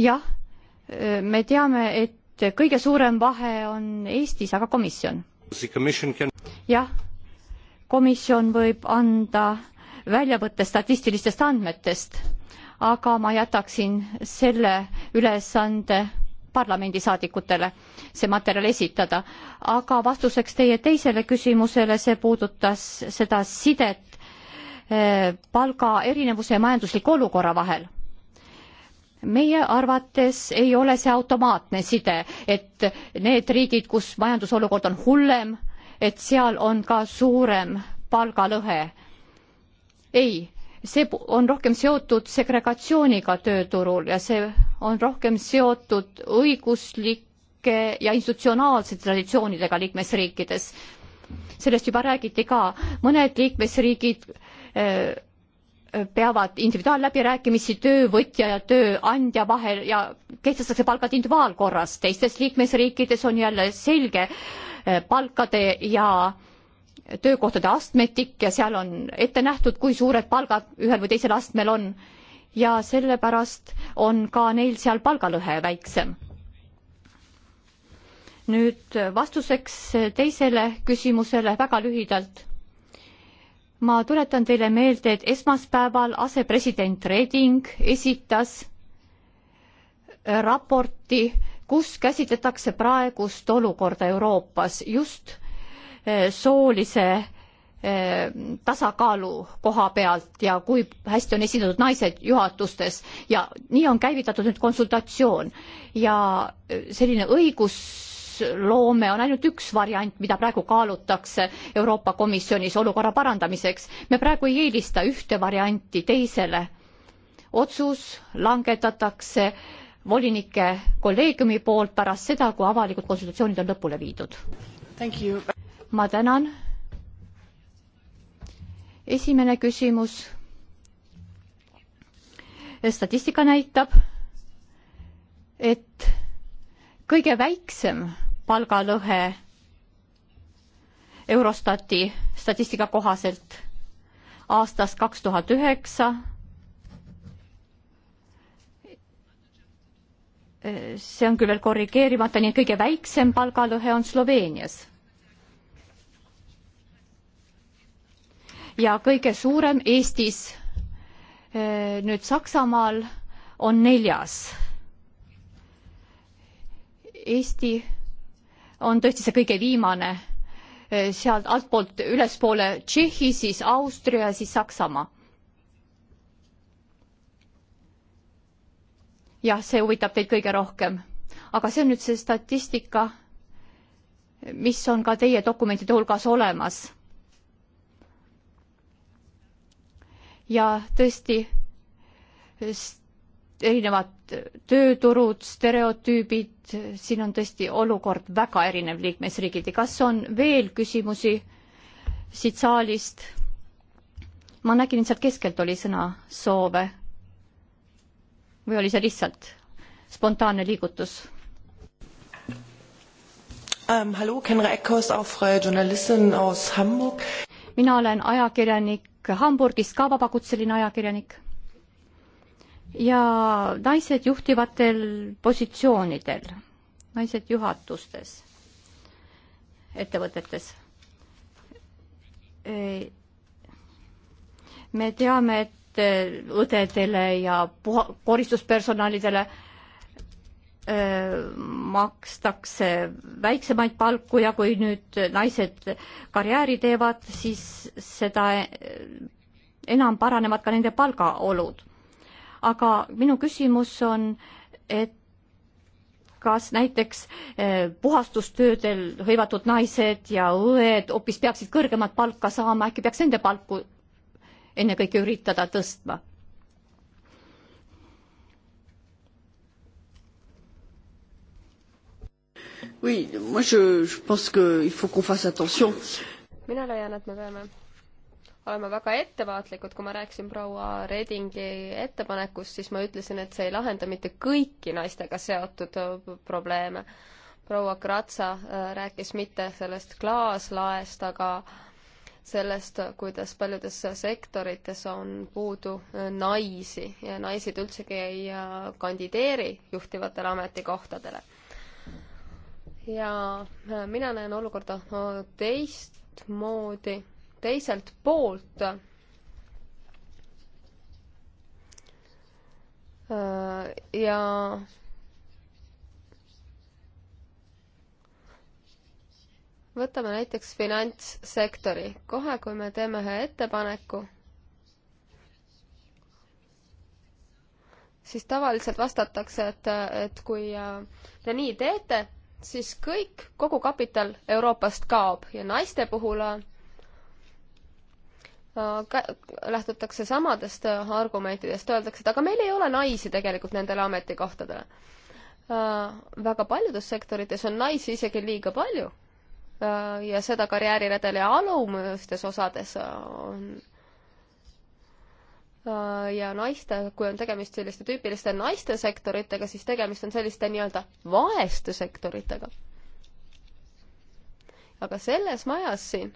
jah, me teame, et kõige suurem vahe on Eestis, aga komisjon. jah, komisjon võib anda väljavõtte statistilistest andmetest, aga ma jätaksin selle ülesande parlamendisaadikutele see materjal esitada. aga vastuseks teie teisele küsimusele, see puudutas seda sidet eh, palga erinevuse ja majandusliku olukorra vahel meie arvates ei ole see automaatne side, et need riigid, kus majandusolukord on hullem, et seal on ka suurem palgalõhe. ei, see on rohkem seotud segregatsiooniga tööturul ja see on rohkem seotud õiguslik kodanike ja institutsionaalsete traditsioonidega liikmesriikides. sellest juba räägiti ka, mõned liikmesriigid eh, peavad individuaalläbirääkimisi töövõtja ja tööandja vahel ja kehtestatakse palgad individuaalkorras, teistes liikmesriikides on jälle selge eh, palkade ja töökohtade astmetik ja seal on ette nähtud, kui suured palgad ühel või teisel astmel on ja sellepärast on ka neil seal palgalõhe väiksem nüüd vastuseks teisele küsimusele väga lühidalt. ma tuletan teile meelde, et esmaspäeval asepresident Reding esitas raporti, kus käsitletakse praegust olukorda Euroopas just eh, soolise eh, tasakaalu koha pealt ja kui hästi on esindatud naised juhatustes ja nii on käivitatud nüüd konsultatsioon ja eh, selline õigus õigusloome on ainult üks variant, mida praegu kaalutakse Euroopa Komisjonis olukorra parandamiseks. me praegu ei eelista ühte varianti teisele. otsus langetatakse volinike kolleegiumi poolt pärast seda, kui avalikud konsultatsioonid on lõpule viidud. ma tänan. esimene küsimus. statistika näitab, et kõige väiksem palgalõhe Eurostati statistika kohaselt aastast kaks tuhat üheksa see on küll veel korrigeerimata, nii et kõige väiksem palgalõhe on Sloveenias. ja kõige suurem Eestis, eh, nüüd Saksamaal on neljas. Eesti on tõesti see kõige viimane, eh, sealt altpoolt ülespoole Tšehhi, siis Austria, siis Saksamaa. jah, see huvitab teid kõige rohkem, aga see on nüüd see statistika, mis on ka teie dokumentide hulgas olemas. ja tõesti erinevad tööturud, stereotüübid, siin on tõesti olukord väga erinev liikmesriigiti. kas on veel küsimusi siit saalist? ma nägin, sealt keskelt oli sõna soove. või oli see lihtsalt spontaanne liigutus? Um, hallo, Kenra Eckhaus, auch freie Journalistin aus Hamburg. mina olen ajakirjanik Hamburgist, ka vabakutseline ajakirjanik ja naised juhtivatel positsioonidel, naised juhatustes, ettevõtetes. me teame, et äh, õdedele ja puha-, koristuspersonalidele äh, makstakse väiksemaid palku ja kui nüüd naised karjääri teevad, siis seda äh, enam paranevad ka nende palgaolud aga minu küsimus on, et kas näiteks eh, puhastustöödel hõivatud naised ja õed hoopis peaksid kõrgemat palka saama, äkki peaks nende palku ennekõike üritada tõstma? mina leian, et me peame olema väga ettevaatlikud, kui ma rääkisin proua Redingi ettepanekust, siis ma ütlesin, et see ei lahenda mitte kõiki naistega seotud probleeme. proua Kratsa äh, rääkis mitte sellest klaaslaest, aga sellest, kuidas paljudes sektorites on puudu äh, naisi ja naised üldsegi ei äh, kandideeri juhtivatele ametikohtadele. ja mina näen olukorda teistmoodi teiselt poolt äh, ja võtame näiteks finantssektori. kohe, kui me teeme ühe ettepaneku, siis tavaliselt vastatakse, et, et kui äh, te nii teete, siis kõik, kogu kapital Euroopast kaob ja naiste puhul äh, Äh, lähtutakse samadest äh, argumentidest, öeldakse, et aga meil ei ole naisi tegelikult nendele ametikohtadele. Äh, väga paljudes sektorites on naisi isegi liiga palju. ja seda karjääriredeli alumistes osades on ja naiste, kui on tegemist selliste tüüpiliste naiste sektoritega, siis tegemist on selliste nii-öelda vaeste sektoritega. aga selles majas siin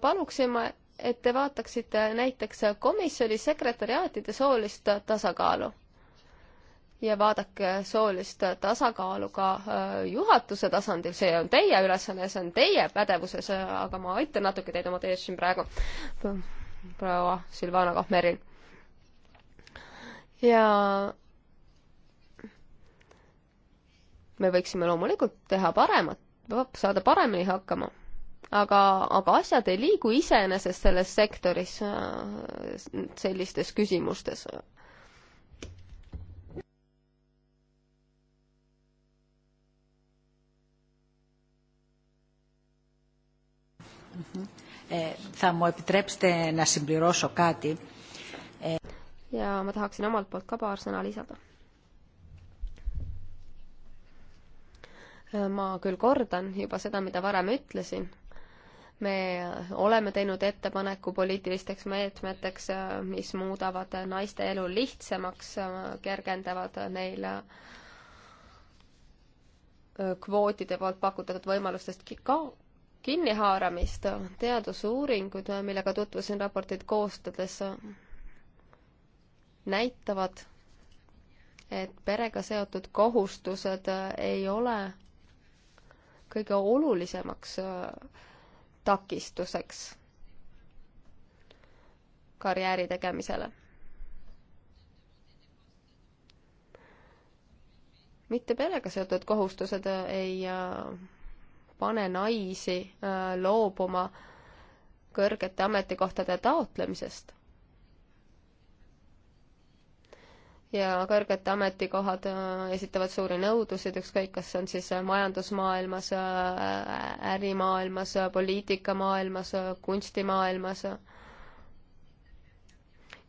paluksime, et te vaataksite näiteks komisjoni sekretäriaatide soolist tasakaalu. ja vaadake soolist tasakaalu ka äh, juhatuse tasandil, see on teie ülesanne, see on teie pädevuses, äh, aga ma aitan natuke teid oma tees siin praegu, proua Silvana Kohmerin. ja me võiksime loomulikult teha paremat, saada paremini hakkama aga, aga asjad ei liigu iseenesest selles sektoris äh, sellistes küsimustes mhm. eh, Θα μου επιτρέψετε να συμπληρώσω κάτι. Ja ma tahaksin omalt poolt ka paar sõna lisada. Äh, ma küll kordan juba seda, mida varem ütlesin, me oleme teinud ettepaneku poliitilisteks meetmeteks, mis muudavad naiste elu lihtsamaks, kergendavad neil äh, kvootide poolt pakutatud võimalustest ka kinnihaaramist. teadusuuringud, millega tutvusin raportit koostades, näitavad, et perega seotud kohustused ei ole kõige olulisemaks äh, takistuseks karjääri tegemisele. mitte perega seotud kohustused ei äh, pane naisi äh, loobuma kõrgete ametikohtade taotlemisest ja kõrged ametikohad äh, esitavad suuri nõudusid, ükskõik, kas on siis äh, majandusmaailmas, äh, ärimaailmas, poliitikamaailmas, kunstimaailmas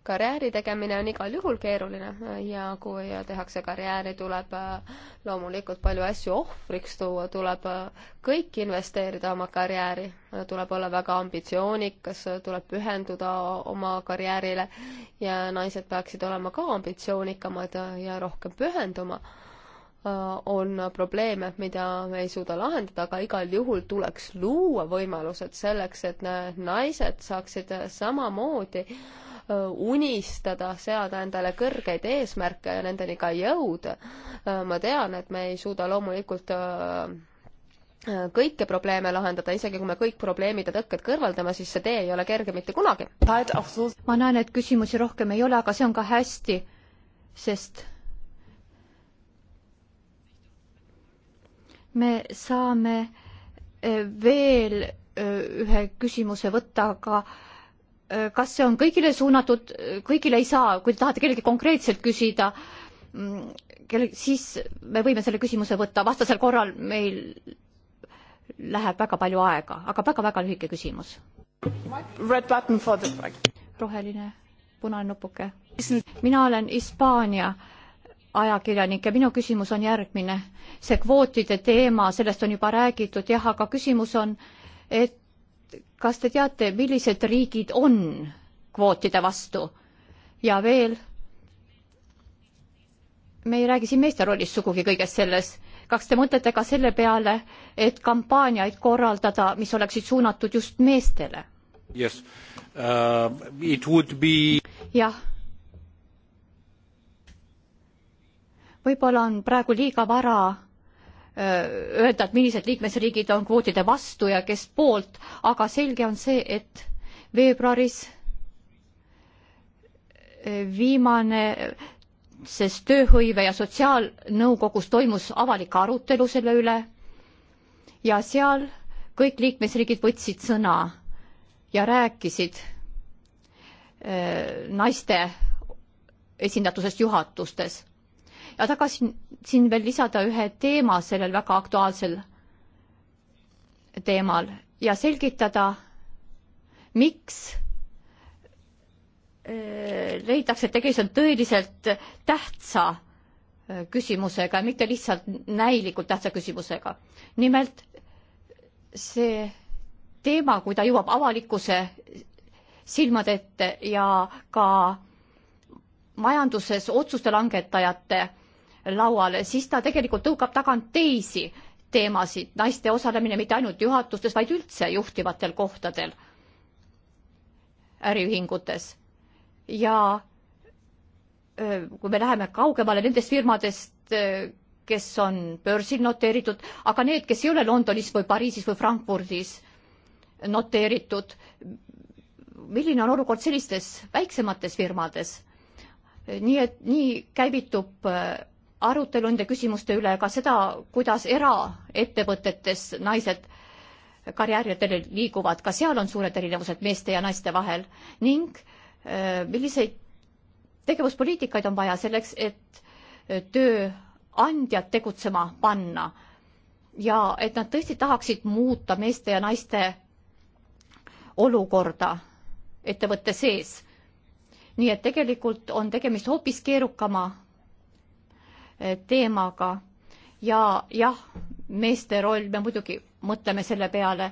karjääri tegemine on igal juhul keeruline äh, ja kui tehakse karjääri, tuleb äh, loomulikult palju asju ohvriks tuua, tuleb äh, kõik investeerida oma karjääri, tuleb olla väga ambitsioonikas, tuleb pühenduda oma karjäärile ja naised peaksid olema ka ambitsioonikamad ja rohkem pühenduma on probleeme, mida me ei suuda lahendada, aga igal juhul tuleks luua võimalused selleks, et naised saaksid samamoodi äh, unistada, seada endale kõrgeid eesmärke ja nendeni ka jõuda. ma tean, et me ei suuda loomulikult kõiki probleeme lahendada, isegi kui me kõik probleemid ja tõkked kõrvaldame, siis see tee ei ole kerge mitte kunagi. ma näen, et küsimusi rohkem ei ole, aga see on ka hästi, sest me saame veel ühe küsimuse võtta, aga kas see on kõigile suunatud, kõigile ei saa, kui te tahate kellelgi konkreetselt küsida, kelle, siis me võime selle küsimuse võtta, vastasel korral meil läheb väga palju aega, aga väga-väga lühike küsimus. roheline, punane nupuke. mina olen Hispaania ajakirjanik ja minu küsimus on järgmine. see kvootide teema, sellest on juba räägitud jah, aga küsimus on, et kas te teate, millised riigid on kvootide vastu? ja veel, me ei räägi siin meeste rollist sugugi kõiges selles. kas te mõtlete ka selle peale, et kampaaniaid korraldada, mis oleksid suunatud just meestele? Yes. Uh, it would be jah. võib-olla on praegu liiga vara öelda, et millised liikmesriigid on kvootide vastu ja kes poolt, aga selge on see, et veebruaris viimane sest tööhõive ja sotsiaalnõukogus toimus avalik arutelu selle üle ja seal kõik liikmesriigid võtsid sõna ja rääkisid naiste esindatusest juhatustes ja tagasi siin veel lisada ühe teema sellel väga aktuaalsel teemal ja selgitada, miks äh, leitakse, et tegemist on tõeliselt tähtsa äh, küsimusega, mitte lihtsalt näilikult tähtsa küsimusega. nimelt see teema, kui ta jõuab avalikkuse silmade ette ja ka majanduses otsuste langetajate lauale, siis ta tegelikult tõukab tagant teisi teemasid, naiste osalemine mitte ainult juhatustes, vaid üldse juhtivatel kohtadel äriühingutes. ja kui me läheme kaugemale nendest firmadest, kes on börsil noteeritud, aga need, kes ei ole Londonis või Pariisis või Frankfurdis noteeritud, milline on olukord sellistes väiksemates firmades? nii et nii käivitub arutelu nende küsimuste üle, ka seda, kuidas eraettevõtetes naised karjääridele liiguvad, ka seal on suured erinevused meeste ja naiste vahel ning äh, milliseid tegevuspoliitikaid on vaja selleks, et tööandjad tegutsema panna ja et nad tõesti tahaksid muuta meeste ja naiste olukorda ettevõtte sees. nii et tegelikult on tegemist hoopis keerukama Eh, teemaga ja jah, meeste roll, me muidugi mõtleme selle peale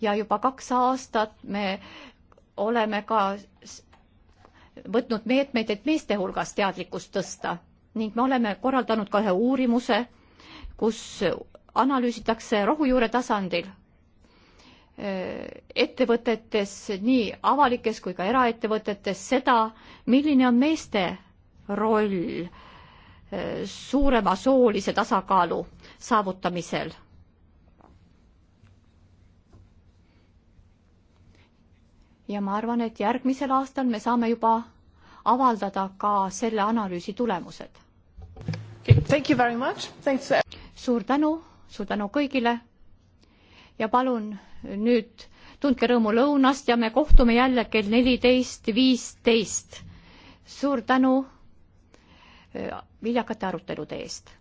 ja juba kaks aastat me oleme ka võtnud meetmeid, et meeste hulgas teadlikkust tõsta ning me oleme korraldanud ka ühe uurimuse, kus analüüsitakse rohujuure tasandil eh, ettevõtetes, nii avalikes kui ka eraettevõtetes seda, milline on meeste roll äh, suurema soolise tasakaalu saavutamisel. ja ma arvan, et järgmisel aastal me saame juba avaldada ka selle analüüsi tulemused okay,. suur tänu, suur tänu kõigile ja palun nüüd tundke rõõmu lõunast ja me kohtume jälle kell neliteist viisteist. suur tänu Eh, viljakate arutelude eest.